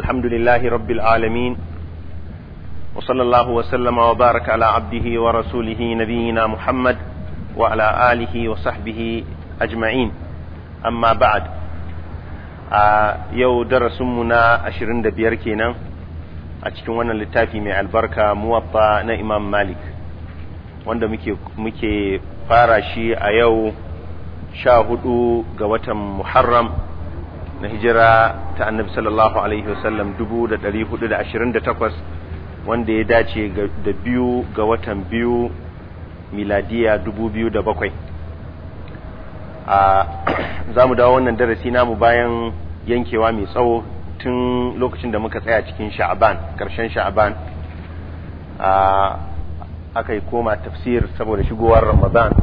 الحمد لله رب العالمين وصلى الله وسلم وبارك على عبده ورسوله نبينا محمد وعلى آله وصحبه أجمعين أما بعد يو درسمنا أشرين دبير كينا أتكون للتافي مع البركة موطأ إمام مالك wanda muke fara shi a yau sha hudu ga watan muharram na hijira ta annabi sallallahu alaihi da takwas wanda ya dace da biyu ga watan biyu miladiya 2007 a za mu dawo wannan darasi namu bayan yankewa mai tsawo tun lokacin da muka tsaya cikin sha'aban karshen sha'aban aka yi koma tafsir saboda shigowar ramadan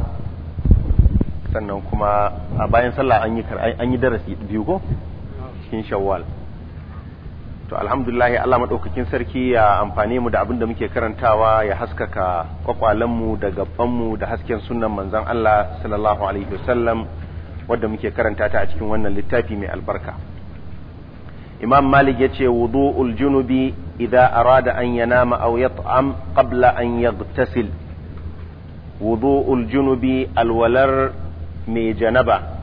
sannan kuma a bayan sallah an yi darasi biyu ko cikin shawwal to alhamdulillah Allah madaukakin sarki ya amfane mu da abin da muke karantawa ya haskaka kwakwalen mu da gaban mu da hasken sunnan manzon Allah sallallahu alaihi wasallam wanda muke karanta ta a cikin wannan littafi mai albarka Imam Malik yace wudu'ul junubi idza arada an yanama aw yat'am qabla an yaghtasil wudu'ul junubi alwalar mai janaba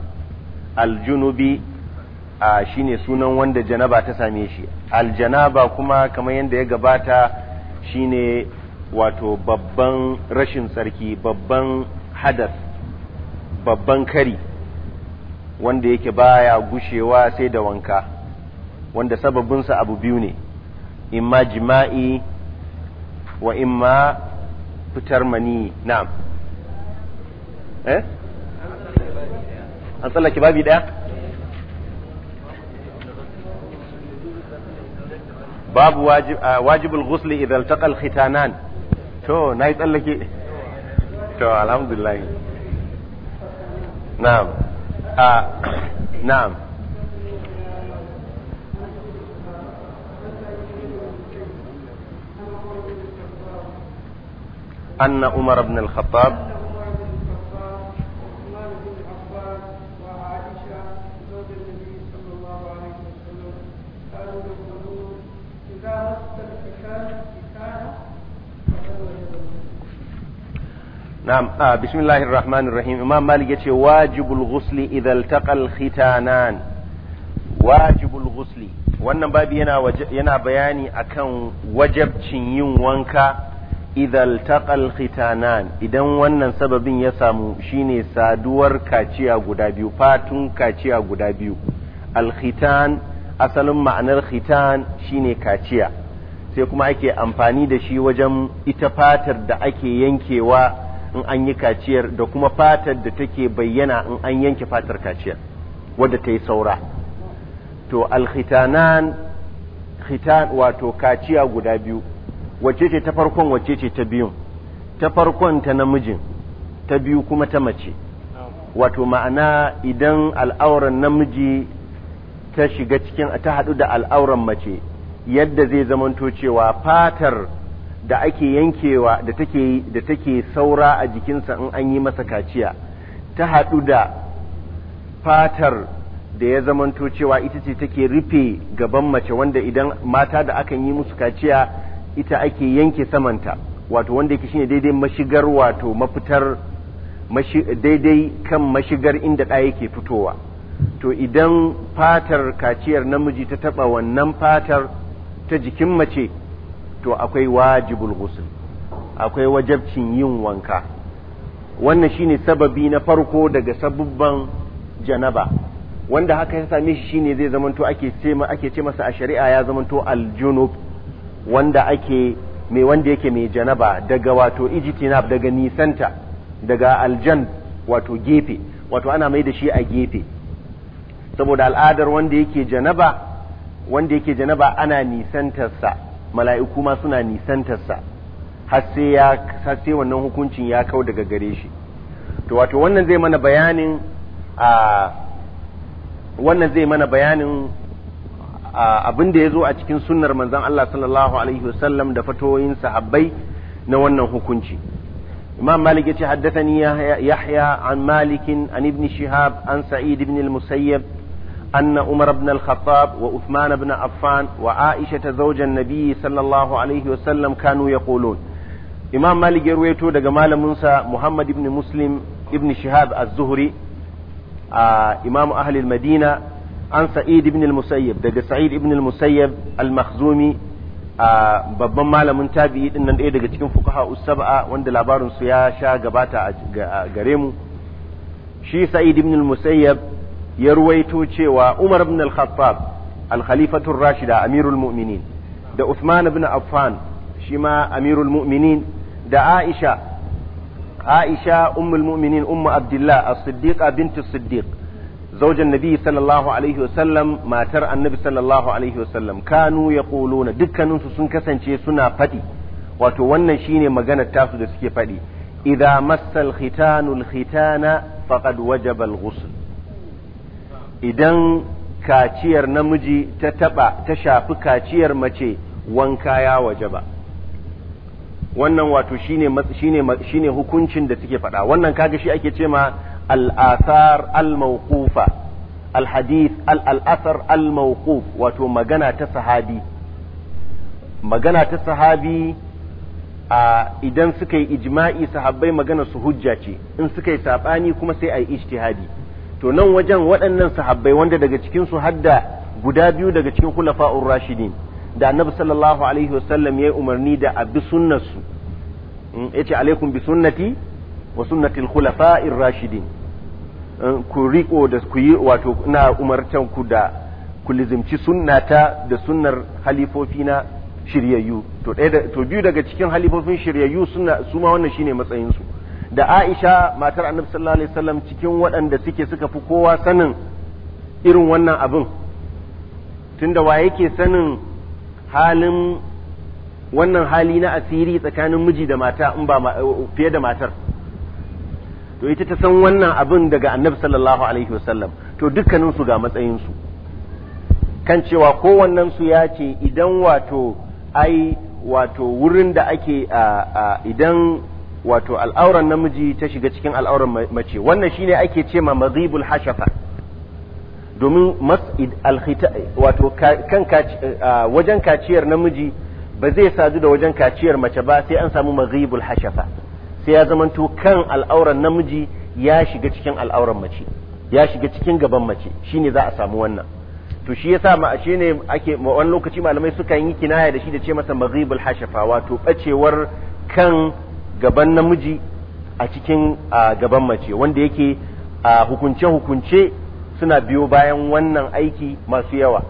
aljunubi a shine sunan wanda janaba ta same shi aljanaba kuma kamar yadda ya gabata shine wato babban rashin tsarki babban hadas babban kari wanda yake baya gushewa sai da wanka wanda sababinsa abu biyu ne imma jima'i wa imma fitar mani na'am eh an tsallake babi daya باب واجب آه، واجب الغسل اذا التقى الختانان تو ناي تلكي إيه؟ تو الحمد لله نعم نعم نعم أن عمر بن الخطاب na'am ah, bismillahir rahmanir rahim imam malik yace wajibul ghusli idza iltaqal khitanan wajibul ghusli wannan babi yana yana bayani akan wajabcin yin wanka idan iltaqal khitanan idan wannan sababin ya samu shine saduwar kaciya guda biyu fatun kaciya guda biyu al asalin ma'anar khitan shine kaciya sai kuma ake amfani da shi wajen ita fatar da ake yankewa in an yi kaciyar da kuma fatar da take bayyana in an yanke fatar kaciyar wadda ta yi saura to alkhitanan khitan wato kaciya guda biyu wacce ce ta farkon wacce ce ta biyun ta farkon ta namijin ta biyu kuma ta mace wato ma'ana idan al'auran namiji ta shiga cikin ta haɗu da al'auran mace yadda zai zamanto cewa fatar da ake yankewa da take da take saura a jikinsa in an yi masa kaciya ta haɗu da fatar da ya zamanto cewa ita ce take rufe gaban mace wanda idan mata da aka yi musu kaciya ita ake yanke samanta wato wanda yake shine daidai mashigar wato mafitar daidai kan mashigar inda ɗa yake fitowa to idan fatar kaciyar namiji ta taɓa wannan fatar ta jikin mace to akwai wajibul ghusl akwai wajabcin yin wanka wannan shine sababi na farko daga sabubban janaba wanda haka ya same shi shine zai zamanto ake ce ake ce masa a shari'a ya zamanto aljunub wanda ake mai wanda yake mai janaba daga wato ijtinab daga nisanta daga aljan wato gefe wato ana mai da shi a gefe saboda al'adar wanda yake janaba wanda yake janaba ana nisantarsa mala'iku ma suna nisantarsa har sai wannan hukuncin ya kau daga gare shi to wato wannan zai mana bayanin a wannan zai mana bayanin abin da ya zo a cikin sunnar manzan Allah sallallahu alaihi wasallam da fatoyin sahabbai na wannan hukunci imam malik ya ce ni yahya an malikin an ibn shihab an sa'id ibn al-musayyab أن عمر بن الخطاب وعثمان بن عفان وعائشة زوج النبي صلى الله عليه وسلم كانوا يقولون إمام مالك يرويته دقى مال منسى محمد بن مسلم ابن شهاب الزهري آه إمام أهل المدينة عن سعيد بن المسيب دقى سعيد بن المسيب المخزومي babban malamin tabi'i din nan ɗaya daga cikin fukaha usaba'a wanda labarinsu ya sha gabata a gare mu shi sa'id ibn al-musayyab ya ruwaito cewa Umar ibn al-Khattab al-Khalifatur Rashida Amirul Mu'minin da Uthman ibn Affan shi ma Amirul Mu'minin da Aisha Aisha Ummul Mu'minin Ummu Abdullah As-Siddiqa bintu Siddiq zaujan Nabi sallallahu alaihi wasallam matar Annabi sallallahu alaihi wasallam kanu yaquluna dukkanin su sun kasance suna fadi wato wannan shine maganar tasu da suke fadi idza massal khitanul khitana faqad wajaba al-ghusl idan kaciyar namiji ta taɓa ta shafi kaciyar mace wanka ya waje ba wannan wato shine shine hukuncin da suke faɗa wannan kaga shi ake cewa al-athar al-mawqufa al-hadith al-athar al-mawquf wato magana ta sahabi magana ta sahabi a idan suka yi ijma'i sahabbai magana su hujja ce in suka yi sabani kuma sai a yi ijtihadi to nan wajen waɗannan sahabbai wanda daga cikin su hadda guda biyu daga cikin khulafa'ur rashidin da annabi sallallahu alaihi wasallam yayi umarni da abi sunnar su mm, yace alaikum bi sunnati wa sunnati al-khulafa'ir rashidin mm, ku riko da ku yi wato na umartan ku da ku lizimci sunnata da sunnar halifofi na shiryayyu to to biyu daga cikin halifofin shiryayyu suma su ma wannan shine matsayin su da Aisha matar Annabi sallallahu alaihi wasallam cikin waɗanda suke suka fi kowa sanin irin wannan abin tunda wa yake sanin halin wannan hali na asiri tsakanin miji da mata in ba fiye da matar to ita ta san wannan abin daga Annabi sallallahu alaihi wasallam to dukkanin su ga matsayin su kan cewa kowannen su ya ce idan wato ai wato wurin da ake idan wato al'auran namiji ta shiga cikin al'auran mace wannan shine ake cema ma mazibul hashafa domin mas'id alkhita wato kan wajen kaciyar namiji ba zai sadu da wajen kaciyar mace ba sai an samu mazibul hashafa sai ya zamanto kan al'auran namiji ya shiga cikin al'auran mace ya shiga cikin gaban mace shine za a samu wannan to shi yasa ma shi ne ake wani lokaci malamai suka yi kinaya da shi da ce masa maghibul hashafa wato bacewar kan gaban namiji a cikin gaban mace wanda yake hukunce-hukunce suna biyo bayan wannan aiki masu yawa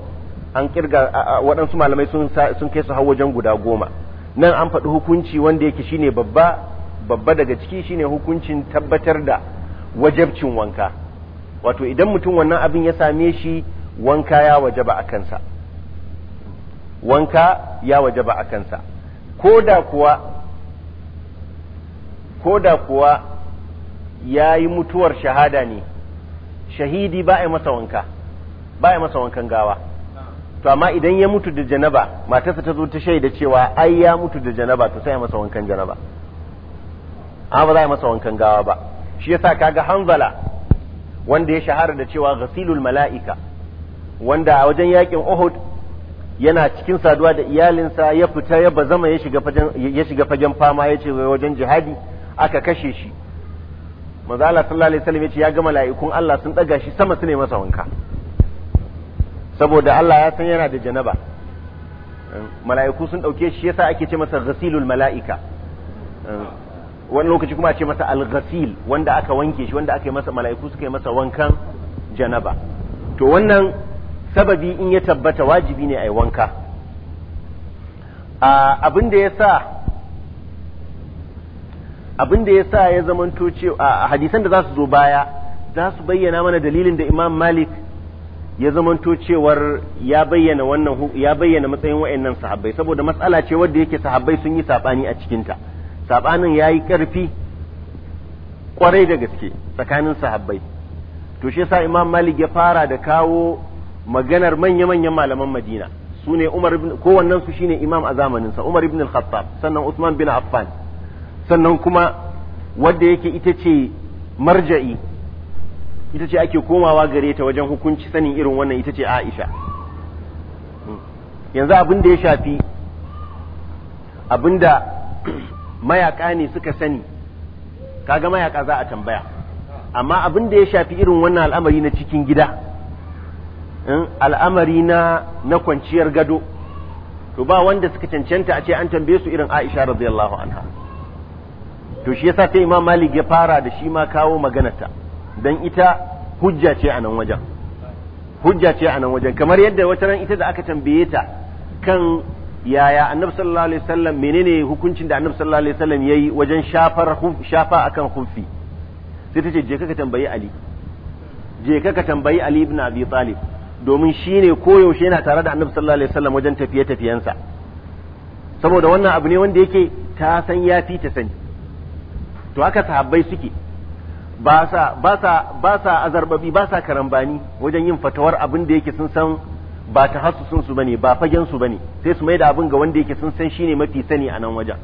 an kirga waɗansu malamai sun kai su hau wajen guda goma nan an faɗi hukunci wanda yake shine babba babba daga ciki shine hukuncin tabbatar da wajabcin wanka wato idan mutum wannan abin ya same shi wanka ya wajaba a kansa wanka ya wajaba a kansa ko da kuwa ko da kuwa ya yi mutuwar shahada ne shahidi ba a masa wanka ba a masa wankan gawa to amma idan ya mutu da janaba matarsa ta zo ta shaida cewa ai ya mutu da janaba to sai ya masa wankan janaba amma ba za a masa wankan gawa ba shi yasa kaga hanzala wanda ya shahara da cewa ghasilul mala'ika wanda a wajen yakin Uhud yana cikin saduwa da iyalinsa ya fita ya bazama ya shiga fagen fama ya ce wajen jihadi aka kashe shi manzo Allah sallallahu alaihi wasallam yace ya ga mala'ikun Allah sun daga shi sama su ne masa wanka saboda Allah ya san yana da janaba mala'iku sun dauke shi yasa ake ce masa ghasilul mala'ika wani lokaci kuma ce masa al-ghasil wanda aka wanke shi wanda aka yi masa mala'iku suka yi masa wankan janaba to wannan sababi in ya tabbata wajibi ne a yi wanka ah, abin da ya sa abin da ya sa ya zamanto cewa hadisan da za su zo baya za su bayyana mana dalilin da imam malik ya zamanto cewar ya bayyana wannan ya bayyana matsayin wa'annan sahabbai saboda matsala ce wadda yake sahabbai sun yi sabani a cikinta sabanin ya yi ƙarfi kwarai da gaske tsakanin sahabbai to shi yasa imam malik ya fara da kawo maganar manya-manyan malaman madina su ne umar kowannen su shine imam a zamaninsa umar ibn al-khattab sannan usman bin affan sannan kuma wadda yake ita ce marja'i ita ce ake komawa gare ta wajen hukunci sanin irin wannan ita ce aisha hmm. yanzu abin da ya shafi abin da mayaka ne suka sani kaga mayaka za a tambaya amma abin da ya shafi irin wannan al'amari na cikin gida hmm, al'amari na kwanciyar gado to ba wanda suka cancanta a ce an tambaye su irin aisha radiyallahu anha to shi yasa sai imam malik ya fara da shi ma kawo maganarta dan ita hujja ce a nan wajen hujja ce a nan wajen kamar yadda wata ran ita da aka tambaye ta kan yaya annabi sallallahu alaihi wasallam menene hukuncin da annabi sallallahu alaihi wasallam yayi wajen shafar shafa akan khuffi sai ta ce je ka tambayi ali je ka tambayi ali ibn abi talib domin shine koyaushe yana tare da annabi sallallahu alaihi wasallam wajen tafiye tafiyensa saboda wannan abu ne wanda yake ta san ya fi ta sani to haka sahabbai suke ba sa ba sa ba sa azarbabi ba sa karambani wajen yin fatawar abin da yake sun san ba ta hasusun su bane ba fagen su bane sai su maida abin ga wanda yake sun san shine mafi sani a nan wajen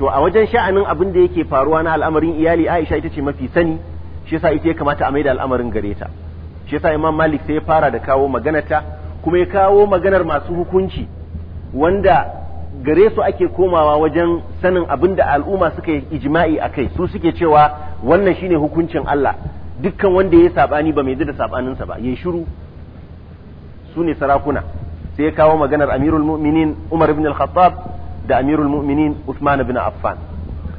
to a wajen sha'anin abin da yake faruwa na al'amarin iyali Aisha ita ce mafi sani shi yasa ita ya kamata a maida al'amarin gare ta shi yasa Imam Malik sai ya fara da kawo maganarta kuma ya kawo maganar masu hukunci wanda gare su ake komawa wajen sanin abin da al'umma suka yi ijma'i a kai su suke cewa wannan shine hukuncin Allah dukkan wanda ya sabani ba mai da sabaninsa ba ya shiru su ne sarakuna sai ya kawo maganar amirul mu'minin Umar ibn al-Khattab da amirul mu'minin Uthman ibn Affan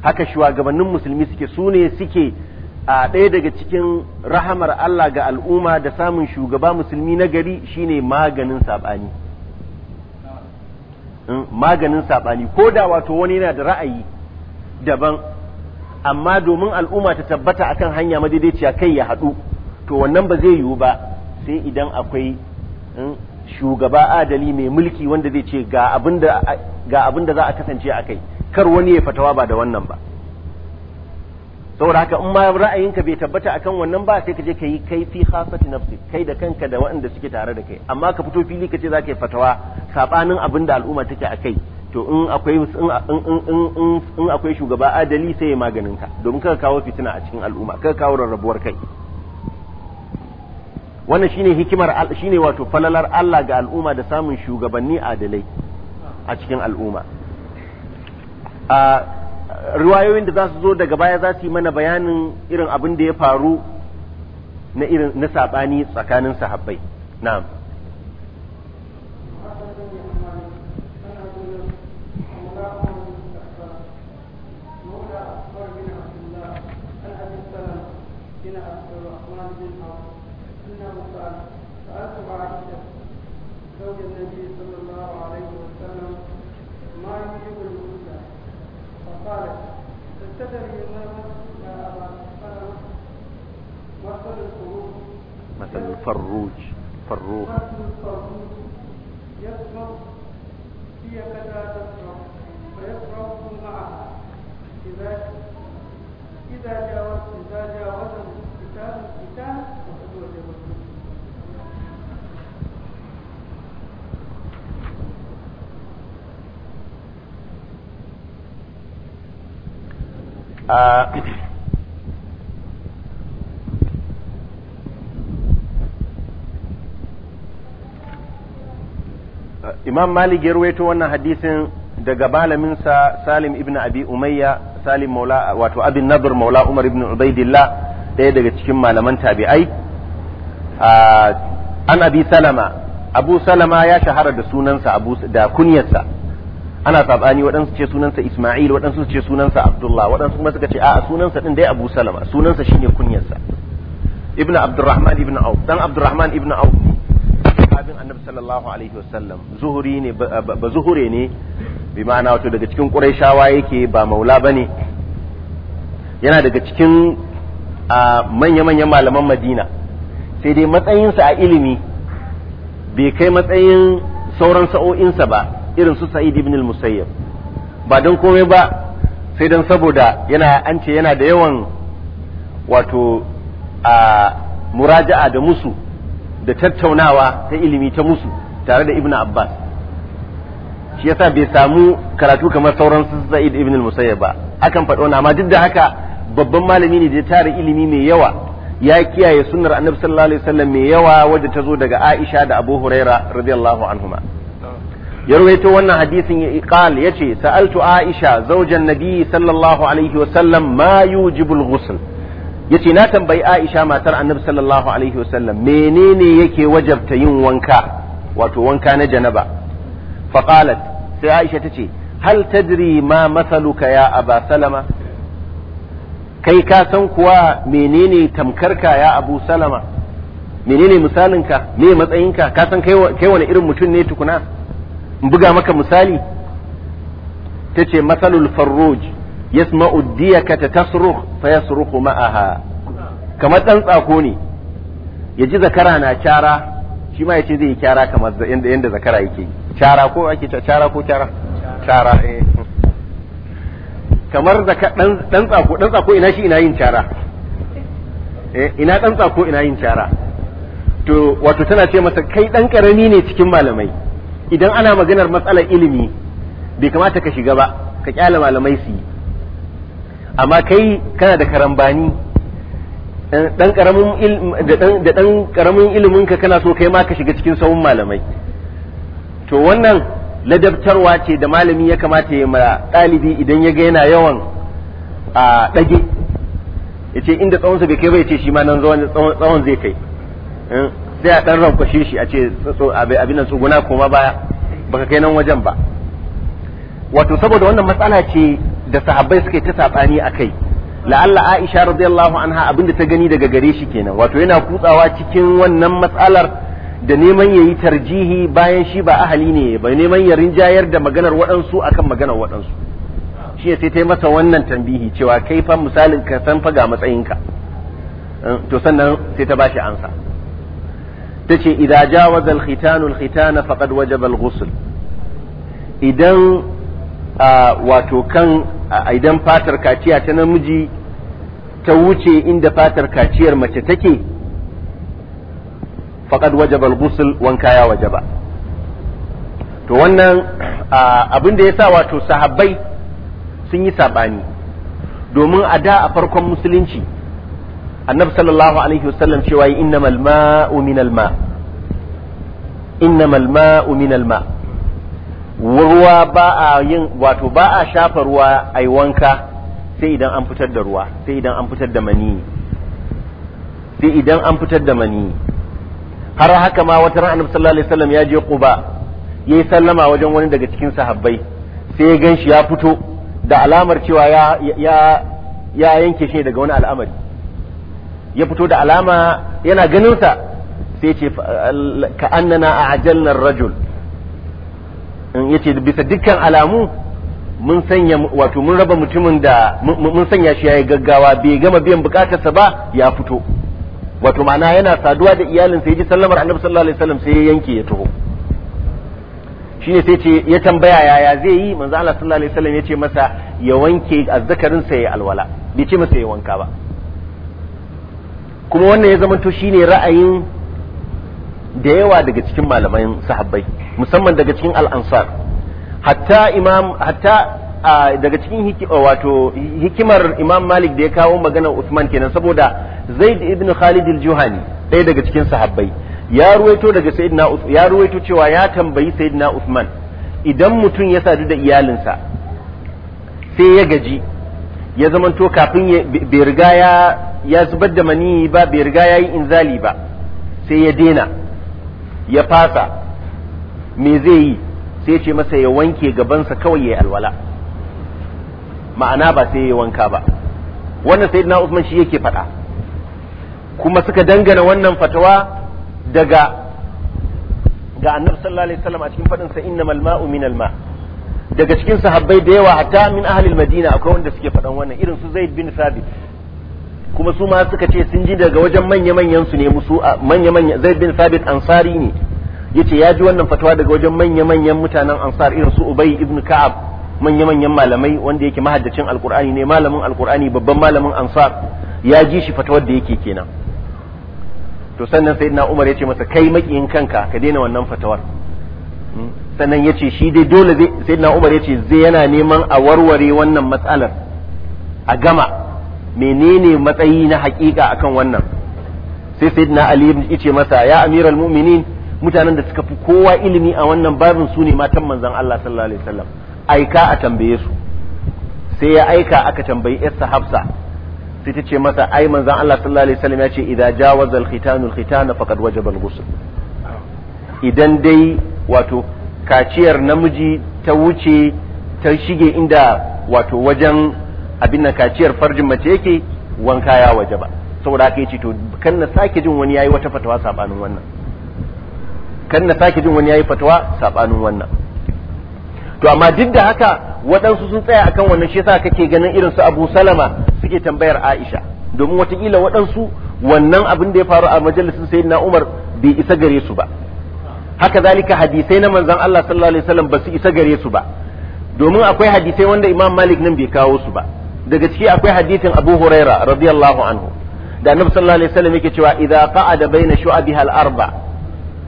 haka shugabannin musulmi suke su ne suke a ɗaya daga cikin rahamar Allah ga al'umma da samun shugaba musulmi na gari shine maganin saɓani. Mm, maganin saɓani ko da wato wani yana da ra'ayi daban amma domin al'umma ta tabbata akan hanya madaidaiciya kai ya haɗu to wannan ba zai yiwu ba sai idan akwai mm, shugaba adali mai mulki wanda zai ce ga abin da za a kasance a kai kar wani ya fatawa ba da wannan ba saboda haka in ma ra'ayinka bai tabbata akan wannan ba sai ka je ka yi kaifi fi khasati nafsi kai da kanka da waɗanda suke tare da kai amma ka fito fili ka ce ka yi fatawa sabanin abin da al'umma take a kai to in akwai in akwai shugaba adali sai ya maganin ka domin ka kawo fitina a cikin al'umma ka kawo rarrabuwar kai wannan shine hikimar shine wato falalar Allah ga al'umma da samun shugabanni adalai a cikin al'umma ah, riwayoyin da za su zo daga baya za su yi mana bayanin irin abin da ya faru na irin na sabani tsakanin sahabbai na'am Thank you. قالت ما مثل الفروج مثل الفروج مثل هي كذا تصبر فيصبر معها إذا إذا جاوزت إذا جاوز الكتاب الكتاب وقد وجبت Uh, imam malik ya ruwaito wannan hadisin daga malaminsa salim ibn abi umayya salim maula wato abin nadr maula umar ibn ubaidillah ɗaya daga cikin malaman tabi'ai uh, an abi salama abu salama ya shahara da sunansa da kunyarsa ana sabani waɗansu ce sunansa Ismail waɗansu ce sunansa Abdullah waɗansu kuma suka ce a'a sunansa din dai Abu Salama sunansa shine kunyarsa Ibn Abdurrahman Ibn Auf dan Abdurrahman Ibn Auf sahabin Annabi sallallahu alaihi wasallam zuhuri ne ba zuhure ne bi ma'ana wato daga cikin Qurayshawa yake ba maula bane yana daga cikin manya-manyan malaman Madina sai dai matsayinsa a ilimi bai kai matsayin sauran sa'o'insa ba irin su sa'id ibn al-musayyab ba don komai ba sai don saboda yana an ce yana da yawan wato a muraja'a da musu da tattaunawa ta ilimi ta musu tare da ibn abbas shi yasa bai samu karatu kamar sauran su sa'id ibn al-musayyab ba akan faɗo na amma duk da haka babban malami ne da ya tara ilimi mai yawa ya kiyaye sunnar annabi sallallahu alaihi wasallam mai yawa wadda ta zo daga Aisha da Abu Huraira radiyallahu anhuma ya rawaito wannan hadisin ya iqal yace sa'altu Aisha zaujan Nabi sallallahu alaihi wasallam ma yujibul ghusl yace na tambayi Aisha matar Annabi sallallahu alaihi wasallam menene yake wajabta yin wanka wato wanka na janaba faqalat sai Aisha tace hal tadri ma masaluka ya Aba Salama kai ka san kuwa menene tamkarka ya Abu Salama menene misalinka me matsayinka ka san kai wani irin mutum ne tukuna buga maka misali ta ce matsalul farroj yasma'u diyaka ta tasruh fa ma'aha kamar ɗan tsako ne ya ji zakara na cara shi ma ya ce zai yi kyara kamar yadda zakara yake cara ko ake cara ko cara cara eh. kamar zaka ɗan tsako ɗan tsako ina shi ina yin cara eh ina ɗan tsako ina yin cara to wato tana ce masa kai ɗan ƙarami ne cikin malamai idan ana maganar matsalar ilimi bai kamata ka shiga ba ka kyale malamai su yi amma kai kana da karambani eh, da ɗan karamin ilimin ka kana so kai ma ka shiga cikin sawun malamai to wannan ladabtarwa ce da malami ya kamata ya mara ɗalibi idan ya ga yana yawan a ɗage ya ce inda tsawonsa bai kai bai ce shi ma nan tsawon zai kai eh. sai a dan rankwashe shi a ce abin nan tsuguna kuma baya baka kai nan wajen ba wato saboda wannan matsala ce da sahabbai suke ta saɓani a kai la'alla aisha radiyallahu anha abinda ta gani daga gare shi kenan wato yana kutsawa cikin wannan matsalar da neman yayi tarjihi bayan shi ba ahali ne ba neman ya rinjayar da maganar waɗansu akan maganar waɗansu shi sai ta yi masa wannan tambihi cewa kai fa misalin ka san fa ga matsayinka eh, to sannan sai ta ba shi ansa tace ce jawaza al-khitan faqad wajaba idan wato kan idan fatar kaciya ta namiji ta wuce inda fatar kaciyar mace take faqad wajaba al wanka ya wajaba to wannan abin da yasa wato sahabbai sun yi sabani domin a da a farkon musulunci annabi sallallahu alaihi wasallam cewa yi innamal ma'u minal ma innamal ma'u minal ma ruwa ba a yin wato ba a shafa ruwa ai wanka sai idan an fitar da ruwa sai idan an fitar da mani sai idan an fitar da mani har haka ma wata ran annabi sallallahu alaihi wasallam ya je quba yayi sallama wajen wani daga cikin sahabbai sai ya ganshi ya fito da alamar cewa ya ya ya yanke shi daga wani al'amari ya fito da alama yana ganinsa sai ce ka annana a ajalnar rajul ya ce bisa dukkan alamu mun sanya wato mun raba mutumin da mun sanya shi yayi gaggawa bai gama biyan bukatarsa ba ya fito wato ma'ana yana saduwa da iyalinsa ji sallamar annabi sallallahu alaihi wasallam sai ya yanke ya taho ne sai ce ya tambaya yaya zai yi manzo Allah sallallahu alaihi wasallam ya ce masa ya wanke azzakarin sa ya alwala bai ce masa ya wanka ba kuma wannan ya zamanto shine ra'ayin da yawa daga cikin malaman sahabbai musamman daga cikin al'ansar hatta imam hatta daga cikin wato hikimar imam malik da ya kawo maganar usman kenan saboda zaid ibn khalid al-juhani ɗaya daga cikin sahabbai ya ruwaito daga sayyidina ya ruwaito cewa ya tambayi sayyidina usman idan mutum ya sadu da iyalinsa sai ya gaji ya zamanto kafin bai riga ya ya zubar da maniyi ba bai riga ya yi inzali ba sai ya dena ya fasa me zai yi sai ce masa ya wanke gabansa kawai ya yi alwala ma'ana ba sai ya wanka ba wannan sayyidina Usman shi yake faɗa kuma suka dangana wannan fatawa daga ga annabi sallallahu alaihi wasallam a cikin fadin sa innamal ma'u ma daga cikin sahabbai da yawa hatta min ahlil madina akwai wanda suke faɗan wannan irin su zaid bin sabit kuma su ma suka ce sun ji daga wajen manya-manyan su ne musu manya-manya zai bin sabit ansari ne yace ya ji wannan fatawa daga wajen manya-manyan mutanen ansar irin su ubai ibn ka'ab manya-manyan malamai wanda yake mahaddacin al'kur'ani ne malamin al'kur'ani babban malamin ansar ya ji shi fatawar da yake kenan to sannan na umar ya ce masa kai makiyin kanka ka daina wannan fatawar hmm? sannan ya ce shi dai dole na umar ya ce zai yana neman a warware wannan matsalar a gama menene matsayi na hakika akan wannan sai na ali ibn masa ya amiral mu'minin mutanen da suka fi kowa ilimi a wannan babin su ne matan manzon Allah sallallahu alaihi wasallam aika a tambaye su sai ya aika aka tambayi yarsa hafsa sai ta ce masa ai manzon Allah sallallahu alaihi wasallam ya ce idza jawazal khitanu al-khitana faqad wajaba al idan dai wato kaciyar namiji ta wuce ta shige inda wato wajen abin nan kaciyar farjin mace yake wanka ya waje ba saboda haka yace to kan na sake jin wani yayi wata fatawa sabanin wannan kan na sake jin wani yayi fatawa sabanin wannan to amma duk da haka waɗansu sun tsaya akan wannan shi yasa kake ganin irin su Abu Salama suke tambayar Aisha domin watakila waɗansu wannan abin da ya faru a majalisin Sayyidina Umar bai isa gare su ba haka zalika hadisai na manzon Allah sallallahu alaihi wasallam ba su isa gare su ba domin akwai hadisai wanda Imam Malik nan bai kawo su ba daga ciki akwai hadithin Abu Huraira radiyallahu anhu da Annabi sallallahu alaihi wasallam yake cewa idza qa'ada baina shu'abiha al-arba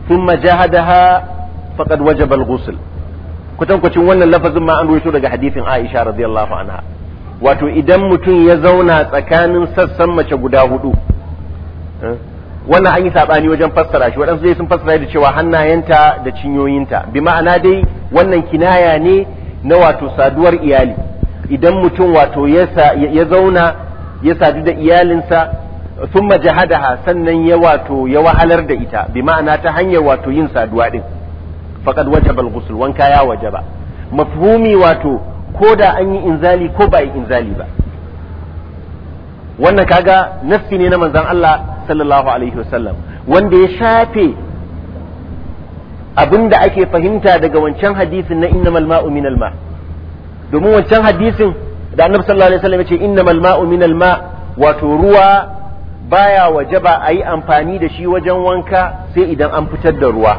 thumma jahadaha faqad wajaba al-ghusl kutankucin wannan lafazin ma an ruwaito daga hadithin Aisha radiyallahu anha wato idan mutum ya zauna tsakanin sassan mace guda hudu eh, wannan an yi saɓani wajen fassara shi waɗansu dai sun fassara da cewa hannayenta da cinyoyinta bi ma'ana dai wannan kinaya ne na wato saduwar iyali idan mutum wato ya zauna ya sadu da iyalinsa sun jahadaha sannan ya wato ya wahalar da ita bi ma'ana ta hanyar wato yin saduwa din faƙad waje balgusul wanka ya waje ba. mafhumi wato ko da an yi inzali ko ba yi inzali ba wannan kaga nassi ne na manzan Allah sallallahu alaihi wasallam wanda ya shafe abin da ake fahimta daga wancan hadisin na inna ma'u minal ma' domin wancan hadisin da annabi sallallahu alaihi wasallam ya ce innamal ma'u minal ma wato ruwa baya wajaba a yi amfani da shi wajen wanka sai idan an fitar da ruwa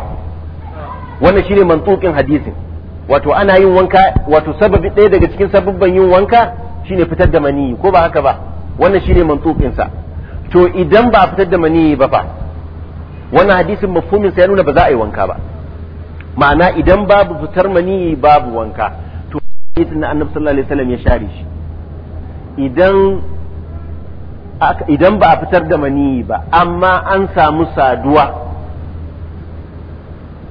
wannan shine mantukin hadisin wato ana yin wanka wato sababi ɗaya daga cikin sababban yin wanka shine fitar da maniyyi ko ba haka ba wannan shine mantukin sa to idan ba a fitar da maniyyi ba fa wannan hadisin mafhumin sa ya nuna ba za a yi wanka ba ma'ana idan babu fitar maniyyi babu wanka hadisin na annabi sallallahu alaihi wasallam ya share shi idan idan ba a fitar da mani ba amma an samu saduwa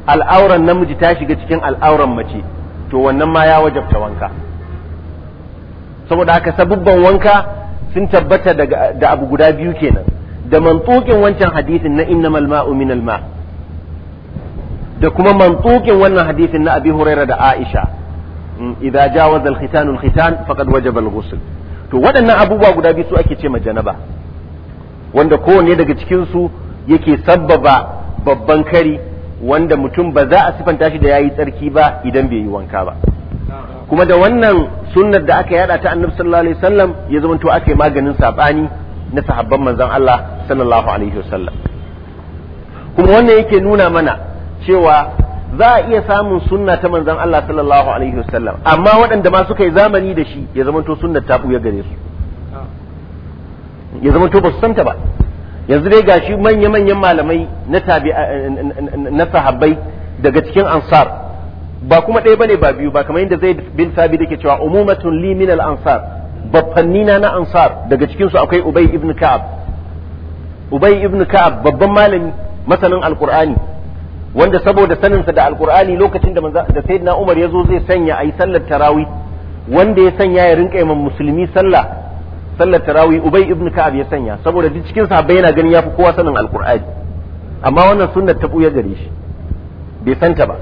al'auran namiji ta shiga cikin al'auran mace to wannan ma ya wajabta wanka saboda haka sabubban wanka sun tabbata da abu guda biyu kenan da mantukin wancan hadisin na innamal ma'u minal ma' da kuma mantukin wannan hadisin na abi huraira da aisha idza jawaza al-khitan al-khitan faqad wajaba al-ghusl to waɗannan abubuwa guda biyu su ake ce ma janaba wanda kowanne daga cikin su yake sabbaba babban kari wanda mutum ba za a sifanta shi da yayi tsarki ba idan bai yi wanka ba kuma da wannan sunnar da aka yada ta annabi sallallahu alaihi wasallam ya zama to aka yi maganin sabani na sahabban manzon Allah sallallahu alaihi wasallam kuma wannan yake nuna mana cewa za a iya samun sunna ta manzon Allah sallallahu alaihi wasallam amma waɗanda ma suka yi zamani da shi ya zamanto sunnar ta buya gare su ya zamanto ba su santa ba yanzu dai gashi manya-manyan malamai na tabi sahabbai daga cikin ansar ba kuma ɗaya bane ba biyu ba kamar yadda zai bin sabi da ke cewa umumatun li min al ansar bafannina na ansar daga cikin su akwai ubay ibn ka'ab ubay ibn ka'ab babban malami masanin alqur'ani wanda saboda saninsa da alkur'ani lokacin da da sayyidina Umar ya zo zai sanya ayi sallar tarawi wanda ya sanya ya rinka imam musulmi sallah sallar tarawi ubai ibn Ka'ab ya sanya saboda duk cikin sahabbai yana ganin yafi kowa sanin alkur'ani amma wannan sunnar ta buya gare shi bai santa ba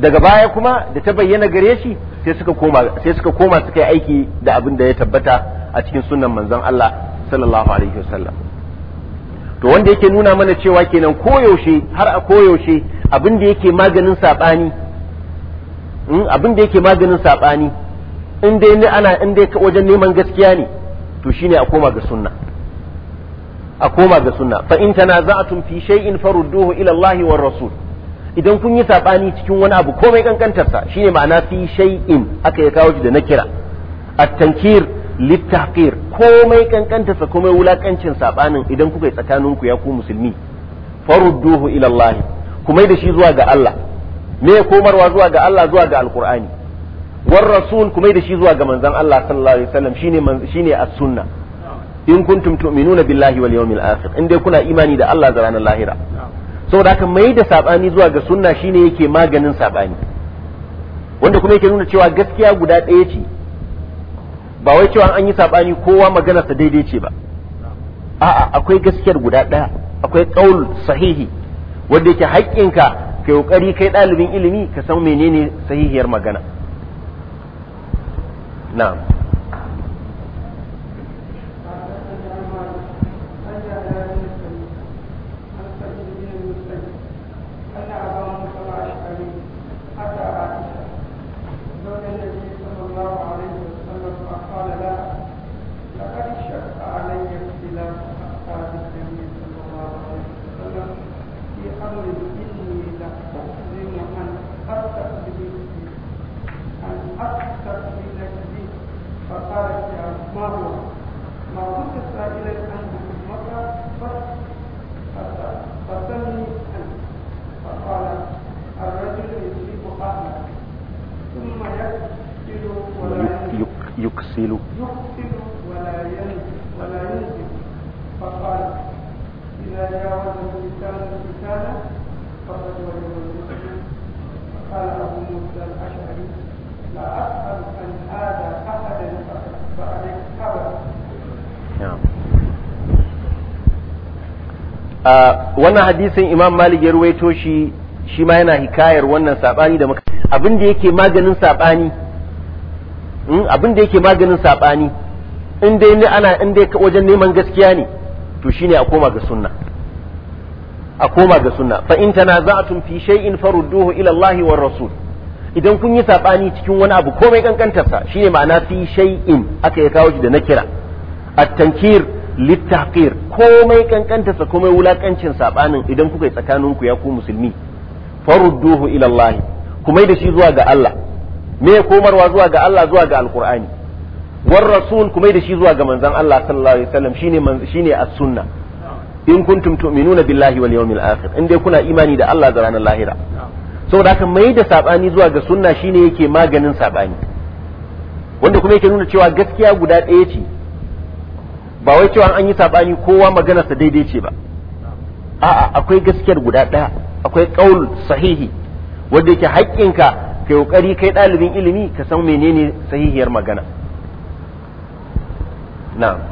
daga baya kuma da ta bayyana gare shi sai suka koma sai suka koma suka yi aiki da abin da ya tabbata a cikin sunnan manzon Allah sallallahu alaihi wasallam to wanda yake nuna mana cewa kenan koyaushe har a koyaushe abin da yake maganin saɓani hmm, abin da yake maganin saɓani in dai ni ana in dai wajen neman gaskiya ne to shine a koma ga sunna a koma ga sunna fa in tanaza'tum fi shay'in farudduhu ila Allah wa rasul idan kun yi saɓani cikin wani abu komai kankantarsa shine ma'ana fi shay'in aka ya kawo shi da nakira at-tankir littahqir komai kankanta sa komai wulakancin sabanin idan kuka yi tsakanin ku ya ku musulmi farudduhu ila Allah kuma da shi zuwa ga Allah me komarwa zuwa ga Allah zuwa ga alqur'ani war rasul kuma da shi zuwa ga manzon Allah sallallahu alaihi wasallam shine shine as-sunna in kuntum tu'minuna billahi wal yawmil akhir in dai kuna imani da Allah da ranar lahira saboda haka mai da sabani zuwa ga sunna shine yake maganin sabani wanda kuma yake nuna cewa gaskiya guda ɗaya ce ba wai cewa an yi sabani kowa maganarsa daidai ce ba a'a akwai gaskiyar guda ɗaya akwai qaul sahihi wanda yake haƙƙinka ka kokari kai ɗalibin ilimi ka san menene sahihiyar magana na'am wannan hadisin imam malik ya ruwaito shi shi ma yana hikayar wannan sabani da muka abin da yake maganin sabani hmm, abin da yake maganin sabani in dai ne ana in dai wajen neman gaskiya ne to shine a koma ga sunna a koma ga sunna fa in tanaza'tum fi shay'in farudduhu ila Allah wa rasul idan kun yi sabani cikin wani abu komai kankantarsa shine ma'ana fi shay'in aka ya kawo shi da nakira at-tankir littafir komai sa komai wulakancin sabanin idan kuka yi tsakaninku ya ku musulmi farudduhu ila Allah kuma da shi zuwa ga Allah me komarwa zuwa ga Allah zuwa ga alqur'ani war rasul kuma da shi zuwa ga manzon Allah sallallahu alaihi wasallam shine shine as-sunna in kuntum tu'minuna billahi wal yawmil akhir in dai kuna imani da Allah da ranar lahira saboda haka mai da sabani zuwa ga sunna shine yake maganin sabani wanda kuma yake nuna cewa gaskiya guda ɗaya ce ba wai cewa an yi sabani kowa magana sa daidai ce ba a'a akwai gaskiyar guda ɗaya akwai qaul sahihi wanda yake haƙƙinka kai kokari kai ɗalibin ilimi ka san menene sahihiyar magana na'am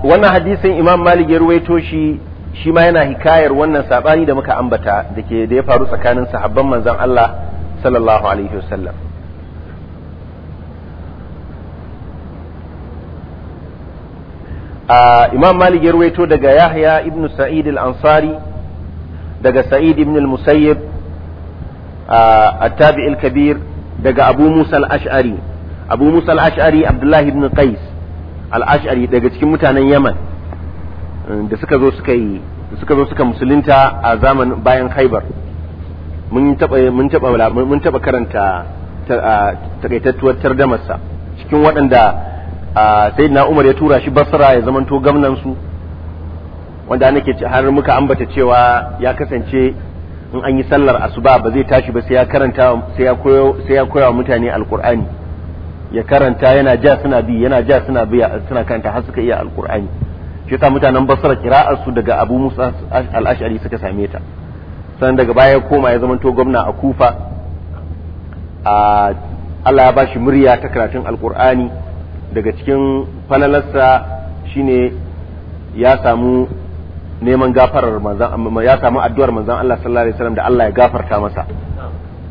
wannan hadisin imam malik ya ruwaito shi shi ma yana hikayar wannan sabani da muka ambata da ke da ya faru tsakanin sahabban manzan Allah sallallahu alaihi wasallam imam malik ya ruwaito daga yahya ibn sa'id al-ansari daga sa'id ibn al-musayyib kabir daga abu musa al-ash'ari abu musa al-ash'ari abdullahi ibn qais alashari daga cikin mutanen yaman eh, da suka zo suka yi suka zo suka musulunta a zaman bayan haibar mun taba karanta takaitattuwar tardamarsa cikin waɗanda na Umar ya tura shi basara ya zamanto gwamnan su wanda ke har muka ambata cewa ya kasance in an yi sallar asuba ba zai tashi ba sai ya karanta sai ya koya wa mutane alkur'ani ya karanta yana ja suna bi yana ja suna bi suna karanta har suka iya alkur'ani shi ta mutanen basra kira'ar su daga abu musa al-ash'ari suka same ta sannan daga baya koma ya zamanto gwamna a kufa a Allah ya bashi murya ta karatun alkur'ani daga cikin falalarsa shine ya samu neman gafarar manzan ya samu addu'ar manzan Allah sallallahu alaihi wasallam da Allah ya gafarta masa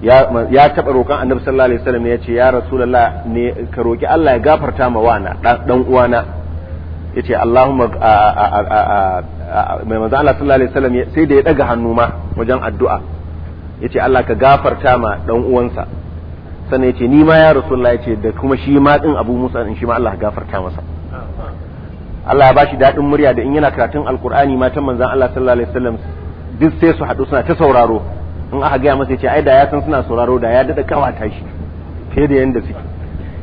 ya taɓa roƙon annabi sallallahu alaihi wasallam ya ce ya rasulullah ne ka roƙi Allah ya gafarta ma wana dan uwana yace Allahumma mai manzo Allah sallallahu alaihi wasallam sai da ya daga hannu ma wajen addu'a yace Allah ka gafarta ma dan uwansa sannan yace ni ma ya rasulullah yace da kuma shi ma din Abu Musa din shi ma Allah gafarta masa Allah ya bashi dadin murya da in yana karatun ma matan manzo Allah sallallahu alaihi wasallam duk sai su haɗu suna ta sauraro in aka gaya masa ce ai da ya san suna sauraro da ya dada kawata shi fiye da yanda suke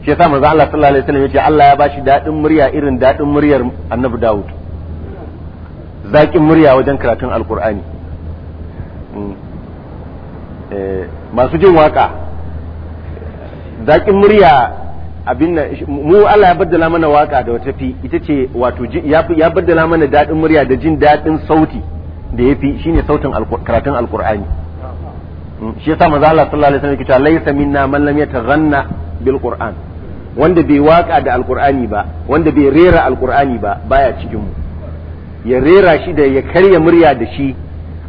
shi yasa manzo Allah sallallahu alaihi wasallam yace Allah ya bashi dadin murya irin dadin muryar Annabi Dawud zakin murya wajen karatun mm. eh masu jin waka zakin murya abin mu Allah ya baddala mana waka da wata fi ita ce wato ya baddala mana dadin murya da jin dadin sauti da ya fi shine sautin karatun alkur'ani shi yasa manzo Allah sallallahu alaihi wasallam yake ce laysa minna man lam yataghanna bil qur'an wanda bai waka da alqur'ani ba wanda bai rera alqur'ani ba baya cikin mu ya rera shi da ya karya murya da shi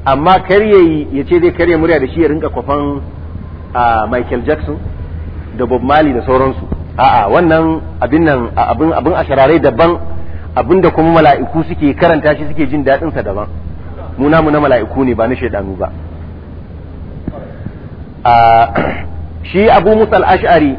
amma karye ya ce zai karya murya da shi ya rinka kwafan Michael Jackson da Bob Marley da sauransu a'a wannan abin nan abin abin asharare daban abin kuma mala'iku suke karanta shi suke jin daɗinsa daban mu namu na mala'iku ne ba na shaidanu ba shi abu musa al-ash'ari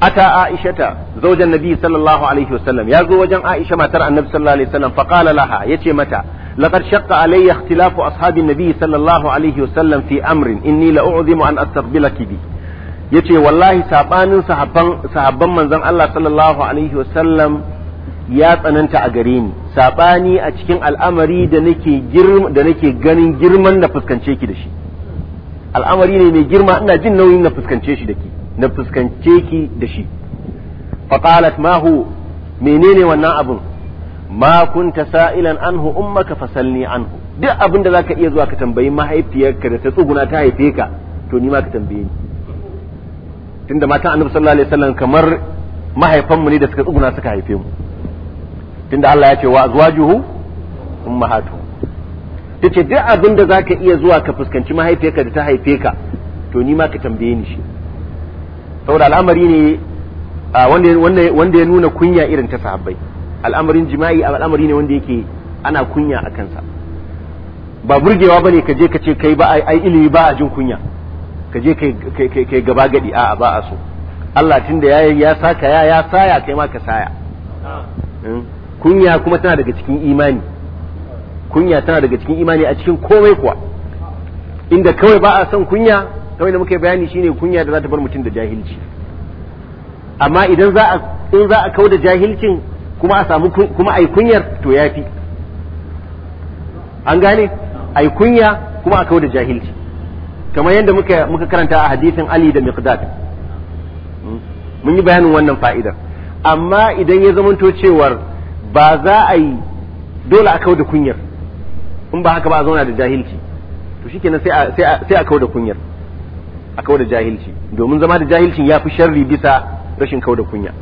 ata ta zaujan nabi sallallahu alaihi wasallam ya zo wajen aisha matar annabi sallallahu alaihi wasallam fa qala laha yace mata laqad shaqqa alayya ikhtilafu ashabin nabi sallallahu alaihi wasallam fi amrin inni la u'zimu an astaqbilaki bi yace wallahi sabanin sahabban sahabban manzon Allah sallallahu alaihi wasallam ya tsananta a gare ni sabani a cikin al'amari da nake da nake ganin girman da fuskance ki da shi al'amari ne mai girma ina jin nauyin na fuskance shi da ke na fuskance ki da shi faqalat mahu menene wannan abun ma kunta sa'ilan anhu ummaka fasalni anhu duk abin da zaka iya zuwa ka tambayi mahaifiyarka da ta tsuguna ta haife ka to ni ma ka tambaye ni tunda matan annabi sallallahu alaihi wasallam kamar mahaifanmu ne da suka tsuguna suka haife mu tunda Allah ya ce wa azwajuhu ummahatu ta ce duk abin da za ka iya zuwa ka fuskanci mahaifiyarka da ta haife ka to ni ma ka tambaye ni shi saboda al'amari ne wanda ya nuna kunya irin ta sahabbai al'amarin jima'i al'amari ne wanda yake ana kunya a kansa ba burgewa ba ne ka je ka ce kai ba ai ilimi ba a jin kunya ka je kai gaba gadi a'a ba a so Allah tunda ya ya saka ya ya saya kai ma ka saya hmm? kunya kuma tana daga cikin imani kunya tana daga cikin imani a cikin komai kuwa inda kawai ba a son kunya kawai da muka bayani shine kunya da za ta bar mutum da jahilci amma idan za a in za a kau da jahilcin kuma a samu kuma ai kunyar to yafi an gane ai kunya kuma a kau da jahilci kamar yadda muka muka karanta a hadisin Ali da Miqdad hmm? mun yi bayanin wannan fa'idar amma idan ya zamanto cewar ba za a yi dole a kau da kunyar in ba haka ba a zauna da jahilci to shi sai a sai a kauda kunyar a kauda jahilci domin zama da jahilcin ya fi sharri bisa rashin kauda kunya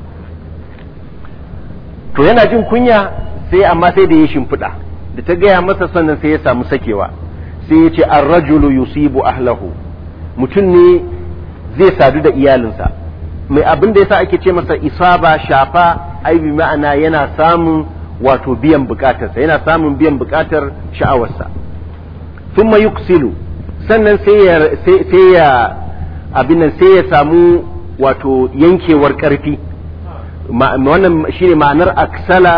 to yana jin kunya sai amma sai da ya shimfiɗa da ta gaya masa sannan sai ya samu sakewa sai ya ce ar-rajulu yusibu ahlahu mutum ne zai sadu da iyalinsa mai abin da yasa ake ce masa isaba shafa aibi ma'ana yana samun wato biyan bukatarsa yana samun biyan bukatar sha'awarsa thumma yuksilu sannan sai ya sai ya abin nan sai ya samu wato yankewar karfi wannan shine ma'anar aksala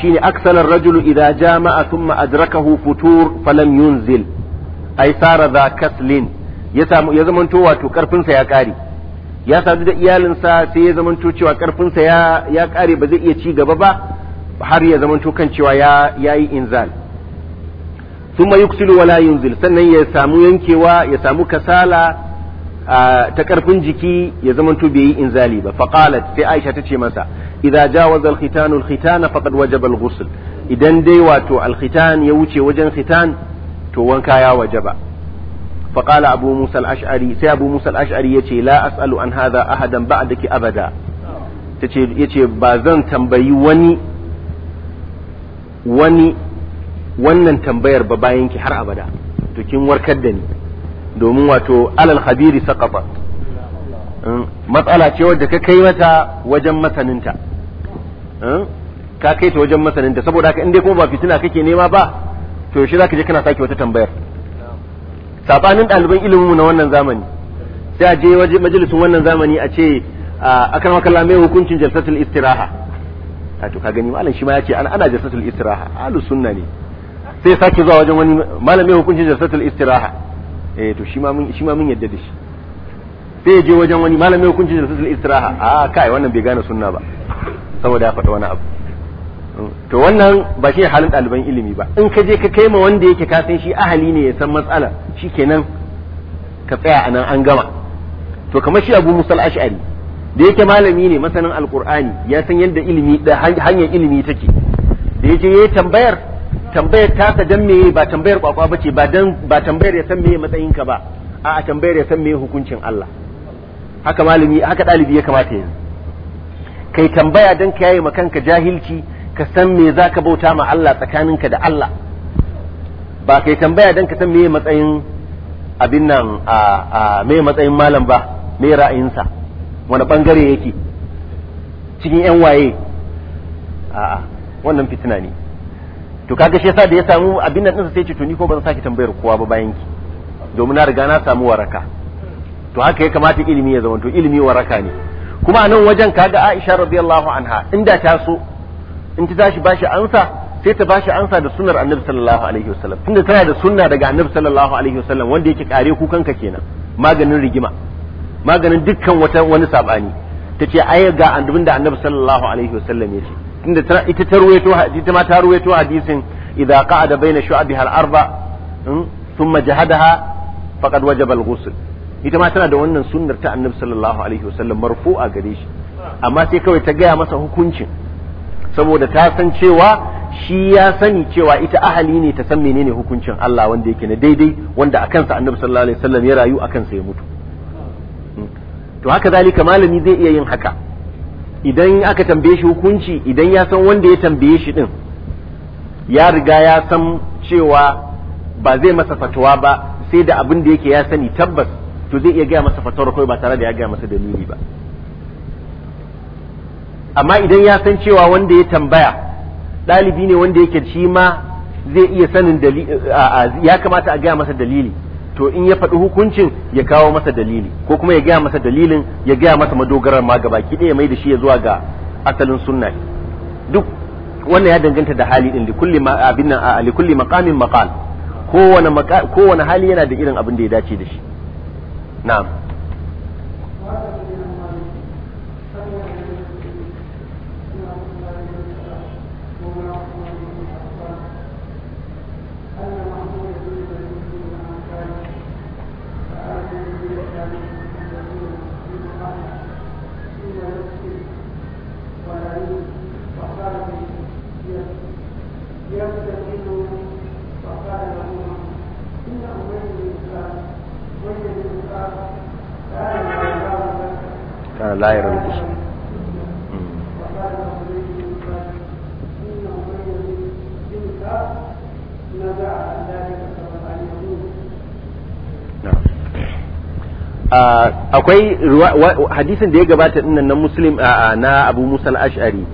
shine Aksalar rajulu idan jama'a thumma adrakahu futur falam yunzil ai sara za kaslin ya samu ya zamanto wato karfinsa ya kare ya sadu da iyalinsa sai ya zamanto cewa karfinsa ya ya kare ba zai iya ci gaba ba har ya zamanto kan cewa ya yi inzal thumma yuksilu wala yunzil sannan ya samu yankewa ya samu kasala ta karfin jiki ya zamanto bai yi inzali ba faqalat sai Aisha tace masa idza jawaza al-khitanu faqad wajaba al idan dai wato al ya wuce wajen khitan to wanka ya wajaba Al-Ashari sai abu Musa أبو موسى الأشعري يتي لا أسأل عن هذا أحدا بعدك أبدا yace ba zan tambayi wani wani wannan tambayar ba bayan ki har abada to kin warkar da ni domin wato alal khabiri saqata hmm? matsala ce wadda ka kai mata wajen masaninta hmm? ka kai ta wajen masaninta saboda haka in dai kuma ba fitina kake nema ba to shi zaka je kana sake wata tambayar sabanin ɗaliban ilimin na wannan zamani sai a je majalisun wannan zamani a ce a kan wakalla mai hukuncin jalsatul istiraha a ah, to ka gani malam shi ma yace ana jasatul istiraha ahlus sunna ne sai sake zuwa wajen wani malam mai hukunci jasatul istiraha eh to shi ma mun shi ma mun yadda da shi sai je wajen wani malam mai hukunci jasatul istiraha a ah, kai wannan bai gane sunna ba saboda ya faɗa wani abu hmm. to wannan ba shi halin ɗaliban ilimi ba in ka je ka kai ma wanda yake ka san shi ahali ne ya san matsala shikenan ka tsaya anan an gama to kamar shi Abu Musa ashari da yake malami ne masanin alkur'ani ya san yadda ilimi da hanyar ilimi take da yaje yayi tambayar tambayar tasa dan meye ba tambayar kwakwa bace ba dan ba tambayar ya san meye matsayin ka ba a a tambayar ya san meye hukuncin Allah haka malami haka dalibi ya kamata yanzu kai tambaya dan ka yayi makanka jahilci ka san me zaka bauta ma Allah tsakaninka da Allah ba kai tambaya dan ka san meye matsayin abin nan a meye matsayin malam ba me ra'ayinsa wani bangare yake cikin yan waye a'a wannan fitina ne to kaga shi yasa da ya samu abin nan sai ce to ni ko ban saki tambayar kowa ba bayan ki domin na riga na samu waraka to haka ya kamata ilimi ya zama to ilimi waraka ne kuma anan nan wajen kaga Aisha radiyallahu anha inda ta so in ta tashi bashi ansa sai ta bashi ansa da sunnar Annabi sallallahu alaihi wasallam tunda tana da sunna daga Annabi sallallahu alaihi wasallam wanda yake kare kukanka kenan maganin rigima maganin dukkan wata wani sabani tace ai ga annabin da annabi sallallahu alaihi wasallam yace tunda ita ta ruwaito ita ma ta ruwaito hadisin idza qa'ada baina shu'abiha al-arba hmm, thumma jahadaha faqad wajaba al-ghusl ita ma tana da wannan sunnar ta annabi sallallahu alaihi wasallam marfu'a gare shi amma sai kawai ta gaya masa hukuncin saboda ta san cewa shi ya sani cewa ita ahali ne ta san menene hukuncin Allah wanda yake na daidai wanda akansa annabi sallallahu alaihi wasallam ya rayu akansa ya mutu to haka zalika malami zai iya yin haka idan aka tambaye shi hukunci idan ya san wanda ya tambaye shi din ya riga ya san cewa ba zai masa fatawa ba sai da abin da yake ya sani tabbas to zai iya gaya masa fatawar kawai ba tare da ya gaya masa dalili ba amma idan ya san cewa wanda ya tambaya ɗalibi ne wanda yake shi ma zai iya sanin ya kamata a gaya masa dalili to in ya faɗi hukuncin ya kawo masa dalili ko kuma ya gaya masa dalilin ya gaya masa madogarar ma ki ɗaya mai da shi ya zuwa ga asalin sunna duk wannan ya danganta da hali din likulli ma abin nan a likulli maqamin maqal kowane kowane hali yana da irin abin da ya dace da shi na'am la yaral gusul akwai hadisin da ya gabata dinnan na muslim na abu musal ashari